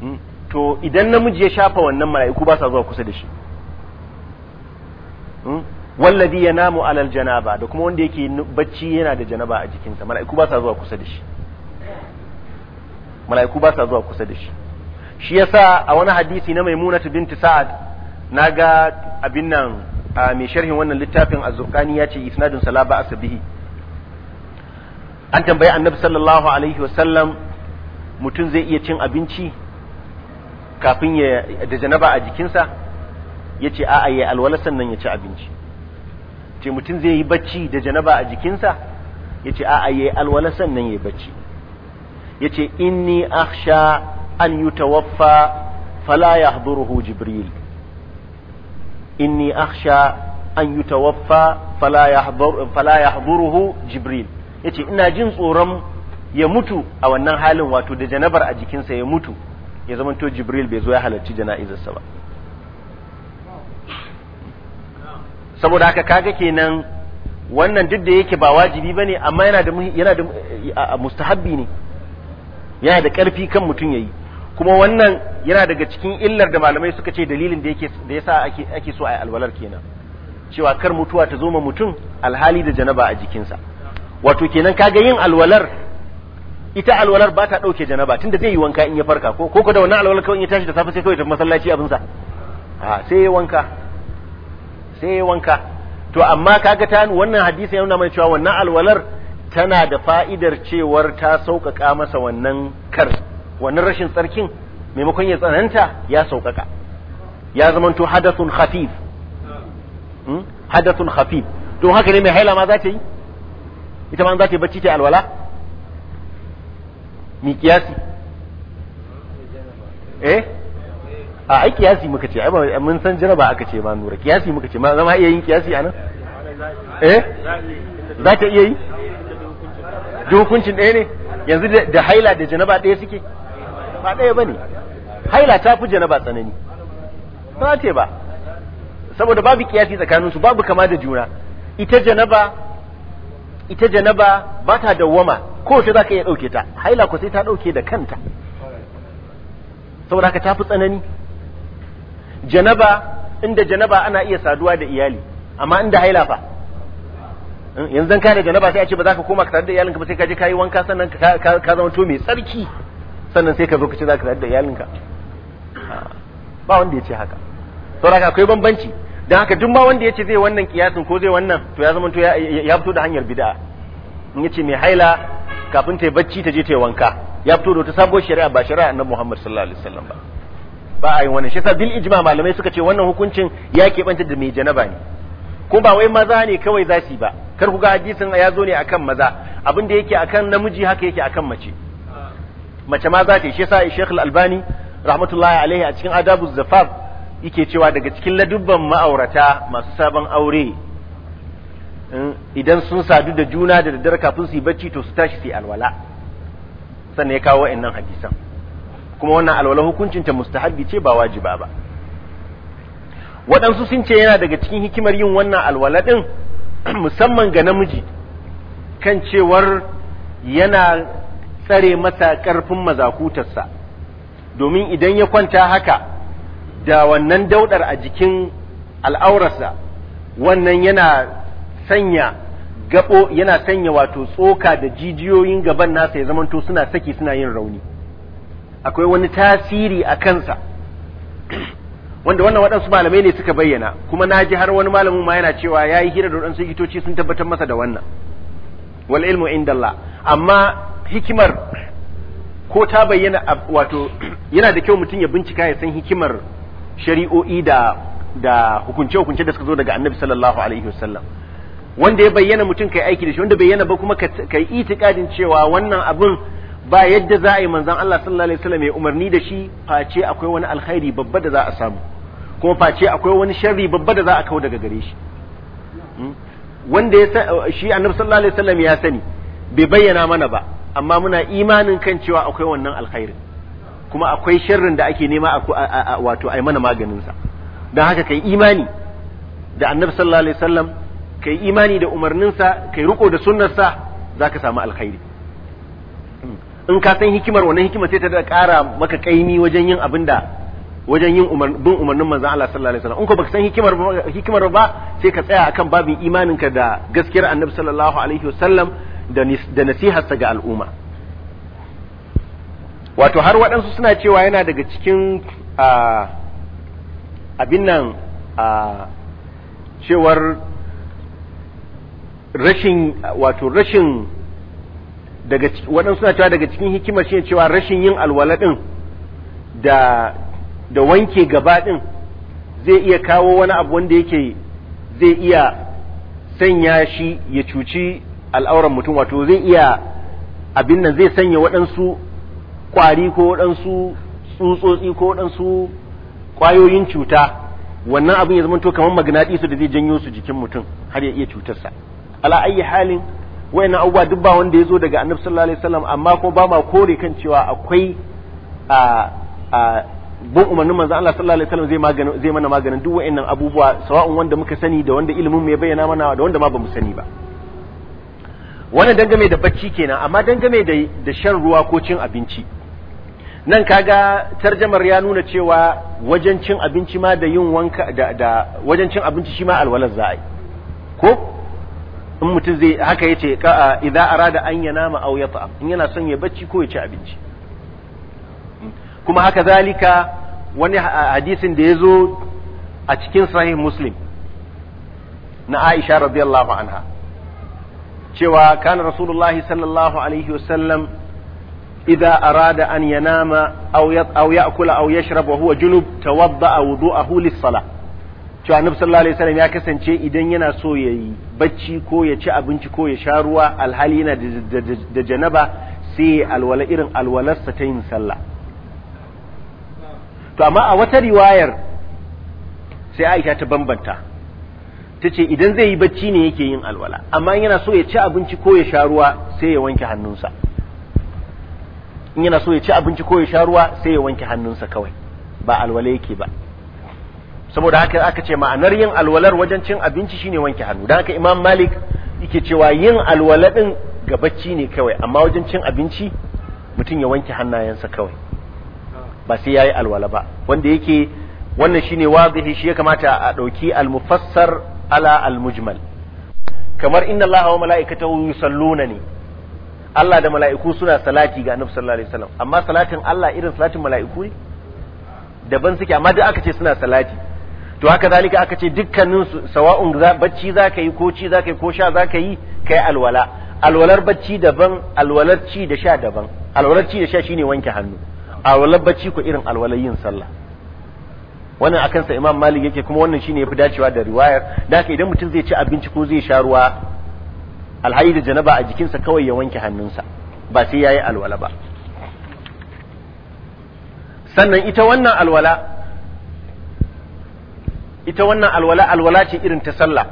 hmm? to idan namiji ya shafa wannan mala'iku ba sa zuwa kusa da shi hmm? wallazi yanamu alal janaba da kuma wanda yake bacci yana da janaba a jikinsa mala'iku ba sa zuwa kusa da shi mala'iku ba sa zuwa kusa da shi shi yasa a wani hadisi na maimunatu binti sa'ad naga abin nan a mai sharhin wannan littafin az-zurqani yace isnadun salaba asbihi an tambayi annabi sallallahu alaihi wa sallam mutum zai iya cin abinci kafin ya da janaba a jikinsa yace a'a ya alwala sannan ya ci abinci ce mutum zai yi bacci da janaba a jikinsa ya ce a'a yayi alwala sannan yi bacci ya ce inni akhsha an tawaffa fala yahduruhu jibril inni akhsha an yi fala fala jibril yace ina jin tsoron ya mutu a wannan halin wato da janabar a jikinsa ya mutu ya zamanto jibril bai zo ya halarci jana'izarsa ba saboda haka kaga kenan wannan duk da yake ba wajibi bane amma yana da yana da mustahabbi ne yana da karfi kan mutum yayi kuma wannan yana daga cikin illar da malamai suka ce dalilin da yake da yasa ake ake so a yi alwalar kenan cewa kar mutuwa ta zo ma mutum alhali da janaba a jikinsa wato kenan kaga yin alwalar ita alwalar ba ta dauke janaba tunda zai yi wanka in ya farka ko ko da wannan alwalar kawai in ya tashi da safe sai kawai ta masallaci abin sa a sai ya wanka sai ya wanka to amma kaga ta wannan hadisi ya nuna mana cewa wannan alwalar tana da fa'idar cewar ta sauƙaƙa masa wannan kar wannan rashin tsarkin maimakon ya tsananta ya sauƙaƙa ya to hadathun khafif hmm? hadathun khafif don haka ne mai haila ma za ta yi ita ma za ta yi bacci ta alwala mi kiyasi eh a ai kiyasi muka ce ai mun san ba aka ce ma nura kiyasi muka ce ma zama iya yin kiyasi anan eh za ta iya yi da hukuncin ɗaya ne yanzu da haila da janaba ɗaya suke ba ɗaya ba ne haila ta fi janaba tsanani ba ce ba saboda babu kiyasi tsakanin su babu kama da juna ita janaba ita janaba ba ta dawwama ko za ka iya ɗauke ta haila ko sai ta ɗauke da kanta saboda ka ta fi tsanani janaba inda janaba ana iya saduwa da iyali amma inda haila fa yanzu ka da janaba sai a ce ba za ka koma ka sadu da iyalinka ba sai ka je ka yi wanka sannan ka zama to mai tsarki sannan sai ka zo ka ce za ka sadu da iyalinka ba wanda ya ce haka saboda akwai bambanci don haka duk ma wanda ya ce zai wannan kiyasin ko zai wannan to ya zama to ya fito da hanyar bid'a in ya ce mai haila kafin ta yi bacci ta je ta yi wanka ya fito da wata sabuwar shari'a ba shari'a annabi Muhammad sallallahu alaihi wasallam ba ba a yi wannan shi yasa bil ijma malamai suka ce wannan hukuncin ya keɓanta da mai janaba ne ko ba wai maza ne kawai za su yi ba kar ku ga hadisin ya zo ne akan maza abin da yake akan namiji haka yake akan mace mace ma za ta yi shi yasa Sheikh Al-Albani rahmatullahi alaihi a cikin Adabuz Zafaf yake cewa daga cikin ladubban ma'aurata masu sabon aure idan sun sadu da juna da daddare kafin su yi bacci to su tashi su yi alwala sannan ya kawo wa'annan hadisan kuma wannan alwala hukuncin ta mustahabbi ce ba wajiba ba waɗansu sun ce yana daga cikin hikimar yin wannan alwala ɗin musamman ga namiji kan cewar yana tsare masa ƙarfin mazakutarsa domin idan ya kwanta haka da wannan daudar a jikin al'aurarsa wannan yana sanya gabo yana sanya wato tsoka da jijiyoyin gaban nasa ya zamanto suna saki suna yin rauni akwai wani tasiri a kansa wanda wannan waɗansu malamai ne suka bayyana kuma na ji har wani malamin ma yana cewa ya yi hira da waɗansu likitoci sun tabbatar masa da wannan wal ilmu inda Allah amma hikimar ko ta bayyana wato yana da kyau mutum ya bincika ya san hikimar shari'o'i da da hukunce-hukunce da suka zo daga annabi sallallahu alaihi wasallam wanda ya bayyana mutum kai aiki da shi wanda bayyana ba kuma kai itikadin cewa wannan abin ba yadda za a yi manzan Allah sallallahu alaihi wasallam ya umarni da shi face akwai wani alkhairi babba da za a samu kuma face akwai wani sharri babba da za a kawo daga gare shi hmm? wanda ya shi annabi sallallahu alaihi wasallam ya sani bai bayyana mana ba amma muna imanin kan cewa akwai wannan alkhairin kuma akwai sharrin da ake nema a wato ai mana maganin sa don haka kai imani da annabi sallallahu alaihi wasallam kai imani da umarninsa kai riko da sunnarsa zaka samu alkhairi in ka san hikimar wannan hikimar sai ta da ƙara maka kaimi wajen yin abin da wajen yin bin umarnin manzon Allah sallallahu alaihi wasallam in ko baka san hikimar hikimar ba sai ka tsaya akan babin imaninka da gaskiyar annabi sallallahu alaihi wasallam da sa ga al'umma wato har waɗansu suna cewa yana daga cikin abin nan cewar rashin wato rashin daga waɗansu suna cewa daga cikin hikimar shi cewa rashin yin alwala ɗin da da wanke gaba ɗin zai iya kawo wani abu wanda yake zai iya sanya shi ya cuci al'auran mutum wato zai iya abin nan zai sanya waɗansu ƙwari ko waɗansu tsutsotsi ko waɗansu ƙwayoyin cuta wannan abin ya zama to kamar magnatisu da zai janyo su jikin mutum har ya iya cutarsa ala ayi halin wayannan abubuwa duk ba wanda ya zo daga annabi sallallahu alaihi wasallam amma kuma ba ma kore kan cewa akwai a a bin umarnin manzo Allah sallallahu alaihi wasallam zai magana zai mana maganin duk wayannan abubuwa sawa'un wanda muka sani da wanda ilimin mu ya bayyana mana da wanda ma bamu sani ba wannan dangame da bacci kenan amma dangame da da shan ruwa ko cin abinci nan kaga tarjamar ya nuna cewa wajen cin abinci ma da yin wanka da, da wajen cin abinci shi ma alwalar za a yi ko in mutum zai haka yace ka idza arada an yanama aw yata'am in yana son ya bacci ko ya ci abinci kuma haka zalika wani hadisin da yazo a cikin sahih muslim na Aisha radiyallahu anha cewa kana rasulullahi sallallahu alaihi wasallam idza arada an yanama aw ya'kula aw yashrab wa huwa junub tawadda wudu'ahu lis-salah cewa nufi sallallahu alaihi wasallam ya kasance idan yana so ya yi bacci ko ya ci abinci ko ya sha ruwa alhali yana da janaba sai alwala irin alwalarsa ta yin sallah to amma a wata riwayar sai Aisha ta bambanta ta ce idan zai yi bacci ne yake yin alwala amma yana so ya ci abinci ko ya sha ruwa sai ya wanke hannunsa in yana so ya ci abinci ko ya sha ruwa sai ya wanke hannunsa kawai ba alwala yake ba saboda haka aka ce ma'anar yin alwalar wajen cin abinci shine wanke hannu dan haka imam malik yake cewa yin alwala din ga bacci ne kawai amma wajen cin abinci mutum ya wanke hannayensa kawai ba sai yayi alwala ba wanda yake wannan shine wazihi shi ya kamata a ɗauki almufassar ala almujmal kamar inna allaha wa mala'ikatahu yusalluna ne Allah da mala'iku suna salati ga annabi sallallahu alaihi wasallam amma salatin Allah irin salatin mala'iku ne daban suke amma duk aka ce suna salati to haka zalika aka ce dukkanin sawa'un bacci za ka yi ko ci ka yi ko sha za ka yi kai alwala alwalar bacci daban alwalar ci da sha daban alwalar ci da sha shine wanke hannu alwalar bacci ko irin alwalar yin sallah wannan akan sa Imam Malik yake kuma wannan shine yafi dacewa da riwayar da haka idan mutum zai ci abinci ko zai sha ruwa alhayi da janaba a jikinsa kawai ya wanke hannunsa ba sai yayi alwala ba sannan ita wannan alwala ita wannan alwala alwala ce irin ta sallah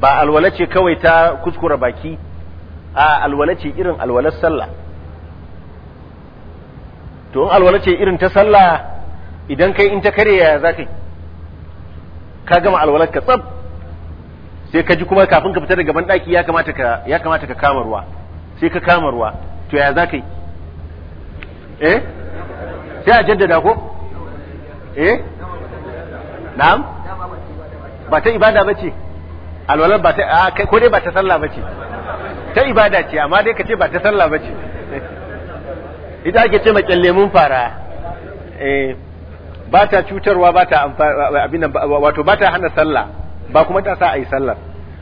ba alwala ce kawai ta kuskura baki a alwala ce irin alwalar sallah to alwala ce irin ta sallah idan kai in ta ya za ka yi ka gama alwalar ka tsab sai ka ji kuma kafin ka fita daga banɗaki daki ya kamata ka ya kamata ka kama ruwa sai ka kama ruwa to ya za ka yi eh sai a jaddada ko eh na'am ba ta ibada bace alwalar ba ta ko dai ba ta sallah bace ta ibada ce amma dai ka ce ba ta sallah bace ita ake ce makin lemun fara eh, ba ta cutarwa ba ta abin wato ba ta hana sallah ba kuma ta sa a yi sallah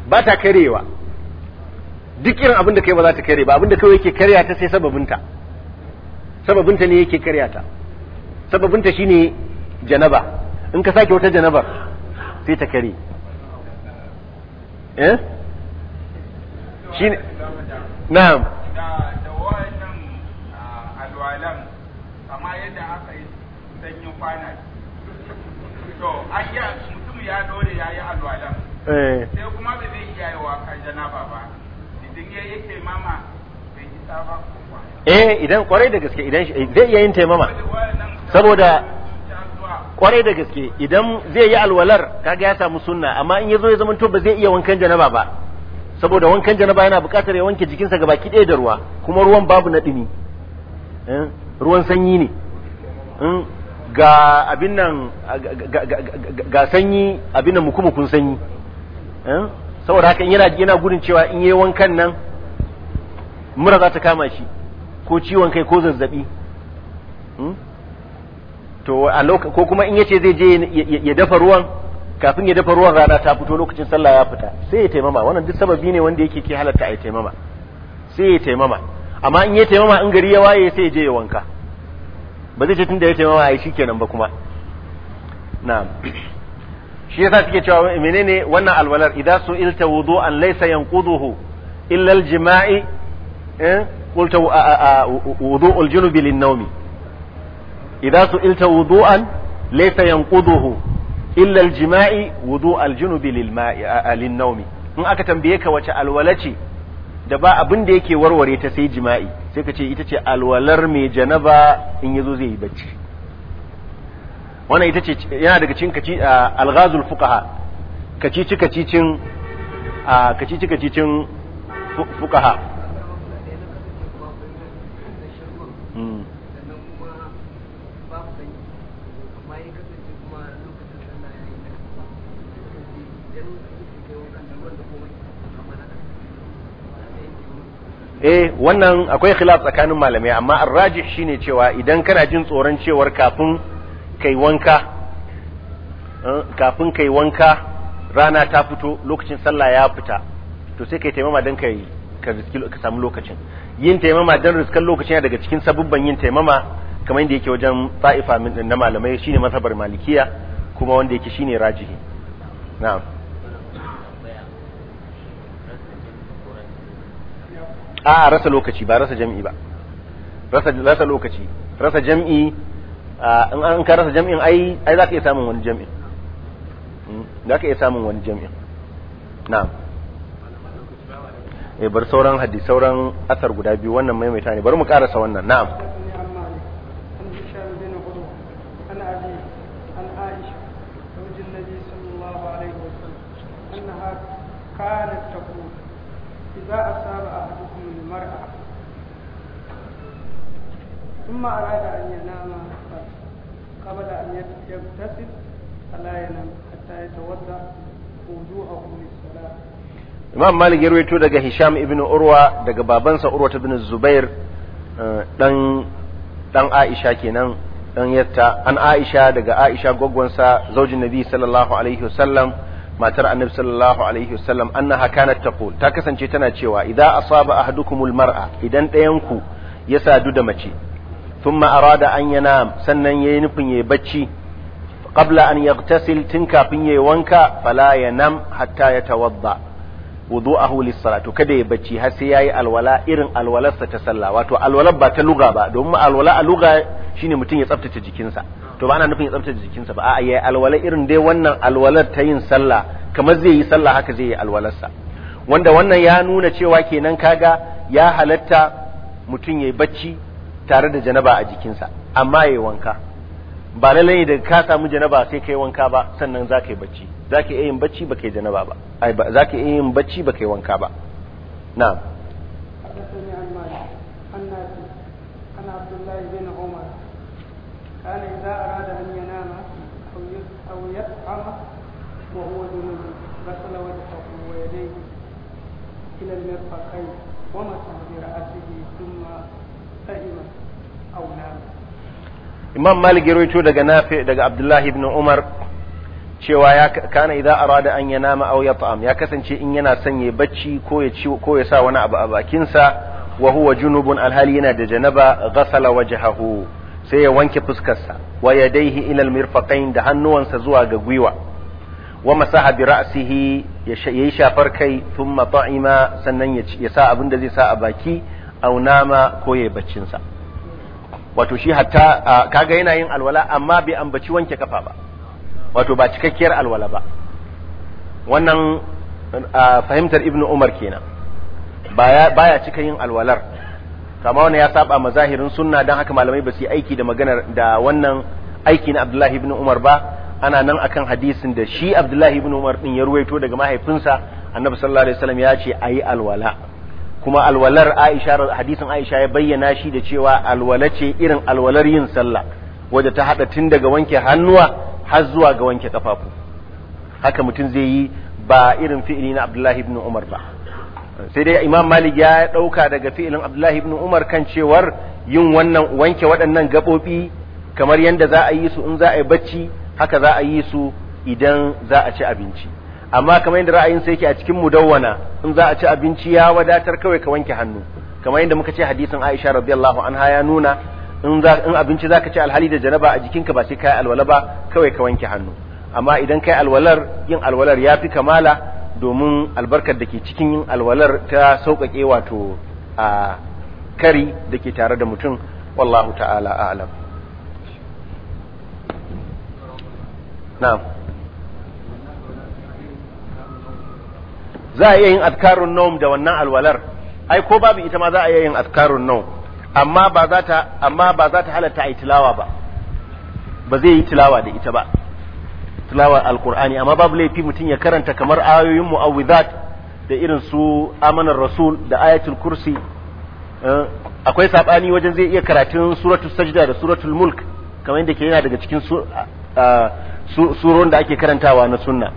ba ta karewa duk irin abin da kai ba za ta kare ba abin da kai yake karya ta sai sababinta sababinta ne yake karya ta sababinta shine janaba in ka sake wata janabar fi kare eh shi ne na'am da wannan ah, alwalan amma yadda aka yi sanyin kwana to ayya mutum ya dore ya yi alwalan eh. sai kuma ba zai iya yi wa kan janaba ba idan ya yi taimama bai isa ba eh idan kwarai da gaske idan zai iya yin taimama saboda kwarai da gaske idan zai yi alwalar kaga ya samu sunna amma in yazo ya to ba zai iya wankan janaba ba saboda wankan janaba yana buƙatar ya wanke jikinsa gaba ɗaya da ruwa kuma ruwan babu na ɗumi eh, ruwan sanyi ne hmm, ga abin nan ga sanyi abin nan mukumukun sanyi eh, saboda haka yana yana gudun cewa in yayi wankan nan mura za ta kama shi ko ciwon kai ko zazzabi hmm, to a lokacin ko kuma in yace zai je ya dafa ruwan kafin ya dafa ruwan rana ta fito lokacin sallah ya fita sai ya taimama wannan duk sababi ne wanda yake ke halatta a taimama sai ya taimama amma in ya taimama in gari ya waye sai ya je ya wanka ba zai ce tunda ya taimama ai shikenan ba kuma na'am shi yasa suke cewa menene wannan alwalar idan su ilta wudu'an laysa yanquduhu illa al-jima'i eh qulta wudu'ul junubi lin-nawmi su ilta wudu'an laysa yanquduhu illa al-jima'i wudu' al-junubi lil in aka tambaye ka wace alwala ce da ba abin da yake warware ta sai jima'i sai ka ce ita ce alwalar mai janaba in yazo zai yi bacci wannan ita ce yana daga cikin kaci al-ghazul fuqaha kaci kaci fuqaha eh wannan akwai khilaf tsakanin malamai amma arrajih shine cewa idan kana jin tsoron cewar kafin kai wanka eh, kafin kai wanka rana ta fito lokacin sallah ya fita to sai kai taimama dan kai ka riski ka samu lokacin yin taimama dan riskan lokacin daga cikin sabubban yin taimama kamar yadda yake wajen min na malamai shine mazhabar malikiya kuma wanda yake shine rajihi na'am a rasa lokaci ba rasa jam'i ba rasa lokaci rasa jam'i in an ka rasa jam'in ai ai zaka iya samun wani jam'in ka iya samun wani jam'in na'am eh bar sauran hadisi sauran asar guda biyu wannan maimaita ne bar mu karasa wannan na'am كانت تقول إذا أصاب أحدكم المرأة ثم أراد أن ينام قبل أن يغتسل فلا ينام حتى يتوضأ وجوهه للصلاة Imam Malik ya rawaito daga Hisham ibn Urwa daga babansa Urwa ibn Zubair dan dan Aisha kenan dan yatta an Aisha daga Aisha gogwansa zaujin Nabi sallallahu alaihi wasallam matar annabi sallallahu alaihi wasallam annaha kanat taqul ta kasance tana cewa idza asaba ahadukumul mar'a idan ɗayan ku ya sadu da mace thumma arada an yanam sannan yayi nufin yayi bacci qabla an yaghtasil tun kafin yayi wanka fala yanam hatta yatawadda wudu'ahu a salat to kada ya bacci har sai yayi alwala irin alwalarsa ta sallah wato alwalar ba ta luga ba domin alwala a luga shine mutum ya tsaftace jikinsa to ba ana nufin ya tsaftace jikinsa ba a'a yayi alwala irin dai wannan alwalar ta yin sallah kamar zai yi sallah haka zai yi alwalarsa wanda wannan ya nuna cewa kenan kaga ya halatta mutum yayi bacci tare da janaba a jikinsa amma yayi wanka ba lalle ne daga ka samu janaba sai ka yi wanka ba sannan za ka yi bacci za iya yin bacci ba kai janaba ba ai ba za iya yin bacci ba kai wanka ba na'am كان Malik أراد daga Nafi daga Abdullahi ibn Umar cewa ya kana idza arada an yanama aw yat'am ya kasance in yana sanye bacci ko ya ci ko ya sa wani abu a bakin sa wa huwa junubun alhali yana da janaba ghasala wajhahu sai ya wanke fuskarsa wa yadayhi ila almirfaqain da hannuwansa zuwa ga gwiwa wa masaha bi ra'sihi ya shafar kai thumma ta'ima sannan ya sa abin da zai sa a baki aw nama ko ya baccin sa wato shi hatta kaga yana yin alwala amma bai ambaci wanke kafa ba wato ba cikakkiyar alwala ba wannan fahimtar ibnu umar kenan baya cika yin alwalar kama wani ya saba ma zahirin sunna don haka malamai ba su yi aiki da maganar da wannan aiki na abdullahi ibn umar ba ana nan akan hadisin da shi abdullahi ibn umar din ya ruwaito daga mahaifinsa annabi sallallahu alaihi wasallam ya ce ayi alwala kuma alwalar aisha hadisin aisha ya bayyana shi da cewa alwala ce irin alwalar yin sallah wadda ta hada tun daga wanke hannuwa har zuwa ga wanke kafafu haka mutum zai yi ba irin fi'ili na Abdullahi ibn Umar ba sai dai Imam Malik ya ɗauka daga fi'ilin Abdullahi ibn Umar kan cewar yin wannan wanke waɗannan gabobi kamar yadda za a yi su in za a yi bacci haka za a yi su idan za a ci abinci amma kamar yadda ra'ayin sa yake a cikin mudawwana in za a ci abinci ya wadatar kawai ka wanke hannu kamar yadda muka ce hadisin Aisha radiyallahu anha ya nuna in abinci za ka ci alhali da janaba a jikinka ba sai ka yi alwala ba kawai ka wanke hannu amma idan ka alwalar yin alwalar ya fi kamala domin albarkar da ke cikin yin alwalar ta sauƙaƙe wato a kari da ke tare da mutum wallahu ta'ala alam na'am za a iya yin adkarun nom da wannan alwalar ai ko babu ita ma za a iya yin adkarun nom amma ba za ta amma ba za ta halatta ai tilawa ba ba zai yi tilawa da ita ba tilawar alkur'ani amma babu laifi mutum ya karanta kamar ayoyin mu'awwidat da irin su amanar rasul da ayatul kursi eh, akwai sabani wajen zai iya karatun suratul sajda da suratul mulk kamar yadda ke yana daga cikin suron da ake karantawa na sunna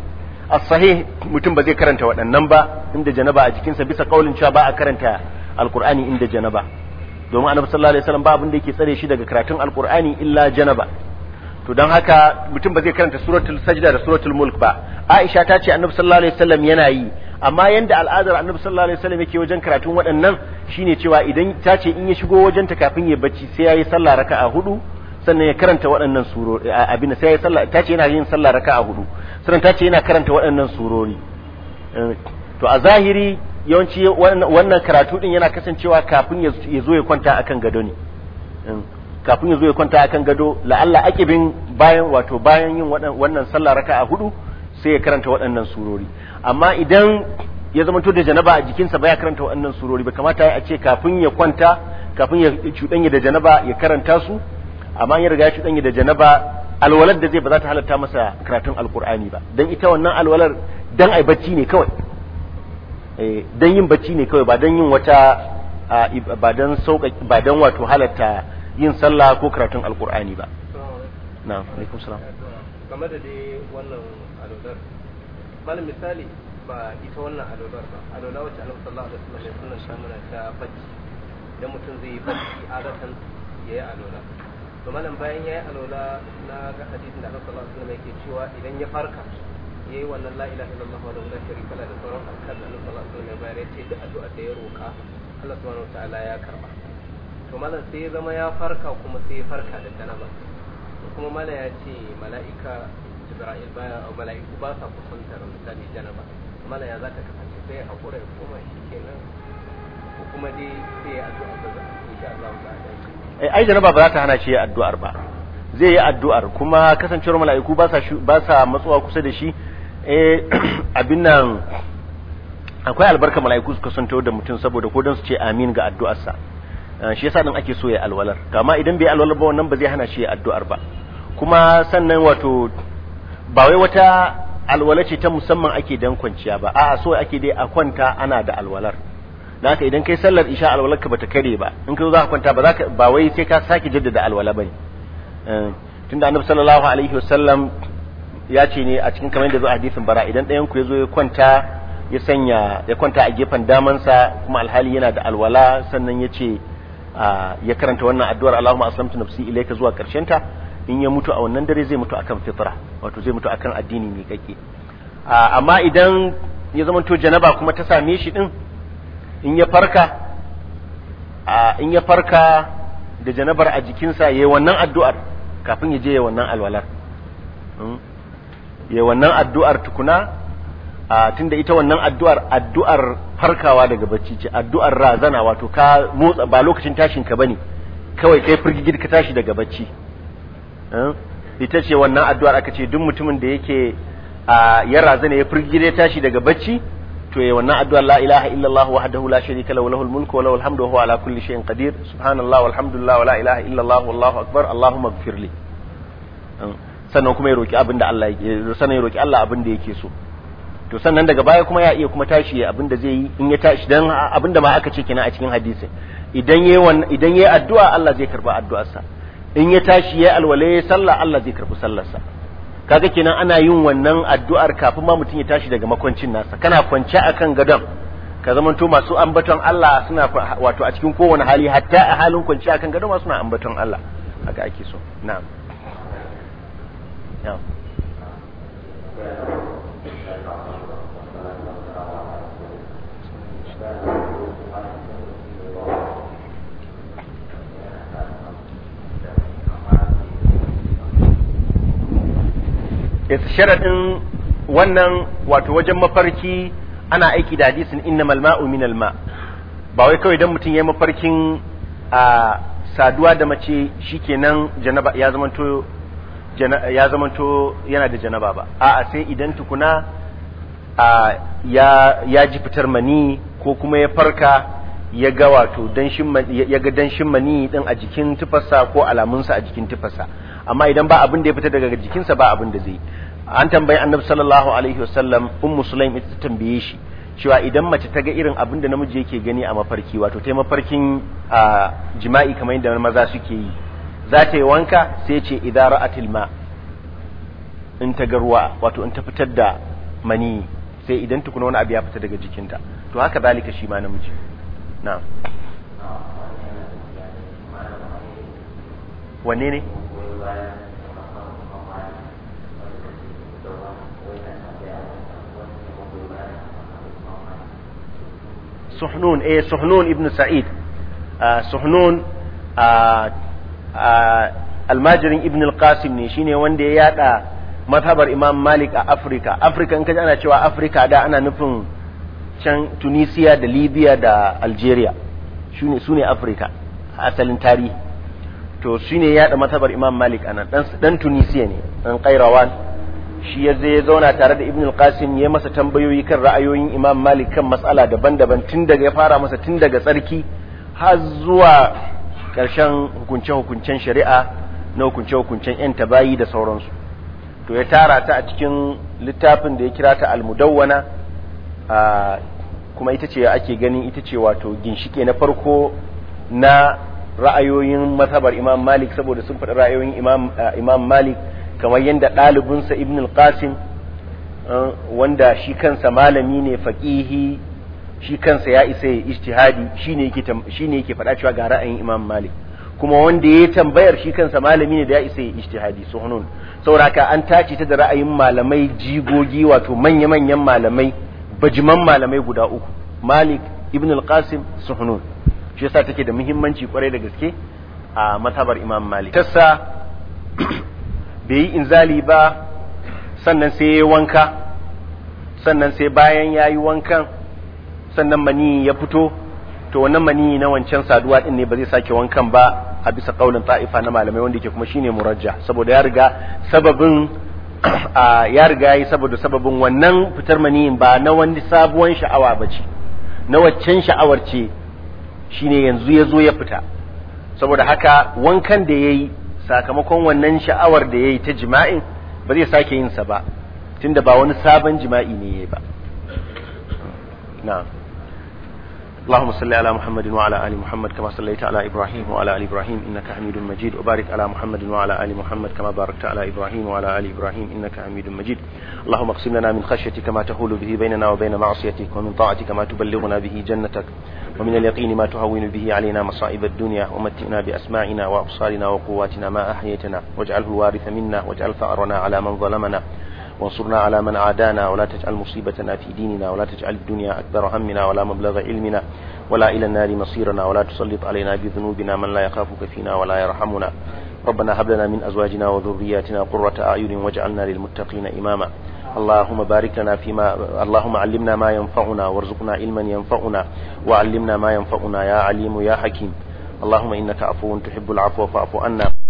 as-sahih mutum ba zai karanta waɗannan ba inda janaba a jikinsa bisa kaulin cewa ba a karanta alkur'ani inda janaba domin annabi sallallahu alaihi wasallam ba abin da yake tsare shi daga karatun alqur'ani illa janaba to don haka mutum ba zai karanta suratul sajda da suratul mulk ba aisha ta ce annabi sallallahu alaihi wasallam yana yi amma yanda al'adar annabi sallallahu alaihi wasallam yake wajen karatun waɗannan shine cewa idan ta ce in ya shigo wajen ta kafin ya bacci sai yayi sallah raka'a hudu sannan ya karanta waɗannan surori abin sai yayi sallah ta ce yana yin sallah raka'a hudu sannan ta ce yana karanta waɗannan surori eh, to a zahiri yawanci wannan karatu din yana kasancewa kafin ya zo ya kwanta akan gado ne mm. kafin ya zo ya kwanta akan gado la'alla akibin bayan wato bayan yin wannan sallah raka'a hudu sai ya karanta waɗannan surori amma idan ya zama da janaba a jikinsa baya karanta waɗannan surori ba kamata a ce kafin ya kwanta kafin ya cuɗanya da janaba ya karanta su amma ya riga ya cuɗanya da janaba alwalar da zai ba za ta halatta masa karatun alkur'ani ba dan ita wannan alwalar dan ai bacci ne kawai Eh, don yin bacci ne kawai ba don yin wata ba don sauƙaƙi ba don wato halatta yin sallah ko karatun alkur'ani ba na alaikum salam game da dai wannan alodar malam misali ba ita wannan alodar ba alodar wacce alaikum salam da wasallam ya sunna ta ta bacci idan mutum zai yi bacci adatan ya yi alola to malam bayan ya yi alola na ga hadisin da annabi sallallahu alaihi wasallam yake cewa idan ya farka ya yi wannan la'ila ta illallah wa la sharika la da sauran alkar da Allah sallallahu ne bayan ya ce da addu'a da ya roƙa Allah su wani wataala ya karɓa to malam sai ya zama ya farka kuma sai ya farka da janaba kuma malam ya ce mala'ika jibra'il baya a mala'iku ba sa kusantar mutane janaba malam ya za ta kasance sai ya haƙura ya koma shi shikenan ko kuma dai sai ya addu'a da za a shi Allah a ta'ala ai janaba ba za ta hana shi ya addu'ar ba zai yi addu'ar kuma kasancewar mala'iku ba sa matsuwa kusa da shi Eh, abin nan akwai albarka mala'iku suka santo da mutum saboda ko don su ce amin ga addu'arsa eh, shi yasa din ake so ya alwalar kama idan bai alwalar ba wannan ba zai hana shi addu'ar ba kuma sannan wato ba wai wata alwala ce ta musamman ake dan kwanciya ba a'a so ake dai a kwanta ana da alwalar dan haka idan kai sallar isha alwalar ka bata kare ba in ka zo za ka kwanta ba za ka ba wai sai ka sake jaddada alwala bane eh, tunda annabi sallallahu alaihi wasallam ya ce ne a cikin kamar da zo a hadisin bara idan ɗayan ku ya zo ya kwanta ya sanya ya kwanta a gefen damansa kuma alhali yana da alwala sannan ya ce ya karanta wannan addu'ar Allahumma aslamtu nafsi ilayka zuwa karshen ta in ya mutu a wannan dare zai mutu akan fitra wato zai mutu akan addini mai kake amma idan ya zama to janaba kuma ta same shi din in ya farka in ya farka da janabar a jikinsa yi wannan addu'ar kafin ya je ya wannan alwalar hmm? ya wannan addu'ar tukuna a tunda ita wannan addu'ar addu'ar farkawa daga bacci ce addu'ar razana wato ka motsa ba lokacin tashin ka bane kawai kai firgigid ka tashi daga bacci eh? ita ce wannan addu'ar aka ce duk mutumin da yake ya razana ya firgigid ya tashi daga bacci to ya wannan addu'ar la ilaha illallah wahdahu la sharika lahu lahul mulku wa lahul hamdu wa ala kulli shay'in qadir subhanallahi walhamdulillah wa la ilaha illallah wallahu akbar allahumma ighfirli eh? sannan kuma ya roki abin da Allah sannan ya roki Allah abin da yake so to sannan daga baya kuma ya iya kuma tashi abin da zai yi in ya tashi dan abin da ma aka ce kenan a cikin hadisi idan yayi idan yayi addu'a Allah zai karba addu'arsa in ya tashi yayi alwala yayi sallah Allah zai karbi sallarsa kaga kenan ana yin wannan addu'ar kafin ma mutum ya tashi daga makwancin nasa kana kwance akan gadon ka to masu ambaton Allah suna wato a cikin kowane hali hatta a halin kwance akan gadon ma suna ambaton Allah haka ake so na'am نعم ɗin wannan wato wajen mafarki ana aiki da hadisin inna malma minal alma ba wai kawai dan mutum ya mafarkin a ah, saduwa da mace shikenan janaba ya zamanto ya zamanto yana da janaba ba a'a sai idan tukuna a ya ya ji fitar mani ko kuma ya farka ya ga wato danshin ya ga danshin mani din a jikin tufarsa ko alamunsa a jikin tufarsa amma idan ba abin da ya fita daga jikinsa ba abin da zai an tambayi annabi sallallahu alaihi wasallam ummu sulaim ita tambaye shi cewa idan mace ta ga irin abin da namiji yake gani a mafarki wato taimafarkin mafarkin jima'i kamar yadda maza suke yi za ta yi wanka sai ce idara ra'atil ma in ta garwa wato in ta fitar da mani sai idan tukuna wani abu ya fita daga jikinta to haka zalika shi ma namiji na wanne ne suhnun eh suhnun ibn sa'id suhnun almajirin ibn al-qasim ne shine wanda ya yada mazhabar imam malik a afirka afirka in kaji ana cewa afirka da ana nufin can tunisia da libya da algeria su ne afirka a asalin tarihi to shi ne yaɗa mazhabar imam malik anan dan tunisiya ne dan kairawan shi ya zai zauna tare da ibn al-qasim ya masa tambayoyi kan ra'ayoyin imam malik kan matsala daban-daban tun daga ya fara masa tun daga tsarki har zuwa ƙarshen hukunce-hukuncen shari'a na hukunce-hukuncen 'yan tabayi da sauransu to ya tara ta a cikin littafin da ya kira ta almudawwana kuma ita ce ake ganin ita ce wato ginshike na farko na ra'ayoyin mazhabar imam malik saboda sun faɗi ra'ayoyin imam malik kamar yadda ɗalibinsa ibn al wanda shi kansa malami ne faƙihi shi kansa ya isa ya ijtihadi shine yake shine yake faɗa cewa ga ra'ayin Imam Malik kuma wanda ya tambayar shi kansa malami ne da ya isa ya ijtihadi saura ka an tace ta da ra'ayin malamai jigogi wato manya-manyan malamai bajiman malamai guda uku Malik Ibn al-Qasim sunun shi yasa take da muhimmanci kwarai da gaske a matabar Imam Malik tassa bai yi inzali ba sannan sai ya wanka sannan sai bayan ya yi wankan sannan mani ya fito to wannan mani na wancan saduwa din ne ba zai sake wankan ba a bisa kaulin ta'ifa na malamai wanda yake kuma shine murajja saboda ya riga sababin ya riga yayi saboda sababin wannan fitar maniyin ba na wani sabuwan sha'awa bace na waccan sha'awar ce shine yanzu ya zo ya fita saboda haka wankan da yayi sakamakon wannan sha'awar da yayi ta jima'i ba zai sake yin sa ba tunda ba wani sabon jima'i ne yayi ba na'am اللهم صل على محمد وعلى ال محمد كما صليت على ابراهيم وعلى ال ابراهيم انك حميد مجيد وبارك على محمد وعلى ال محمد كما باركت على ابراهيم وعلى ال ابراهيم انك حميد مجيد اللهم اقسم لنا من خشيتك ما تحول به بيننا وبين معصيتك ومن طاعتك ما تبلغنا به جنتك ومن اليقين ما تهون به علينا مصائب الدنيا ومتنا باسماعنا وابصارنا وقواتنا ما احييتنا واجعله الوارث منا واجعل ثارنا على من ظلمنا وانصرنا على من عادانا ولا تجعل مصيبتنا في ديننا ولا تجعل الدنيا أكبر همنا ولا مبلغ علمنا ولا إلى النار مصيرنا ولا تسلط علينا بذنوبنا من لا يخافك فينا ولا يرحمنا ربنا هب لنا من أزواجنا وذرياتنا قرة أعين واجعلنا للمتقين إماما اللهم بارك لنا فيما اللهم علمنا ما ينفعنا وارزقنا علما ينفعنا وعلمنا ما ينفعنا يا عليم يا حكيم اللهم إنك عفو تحب العفو فاعف عنا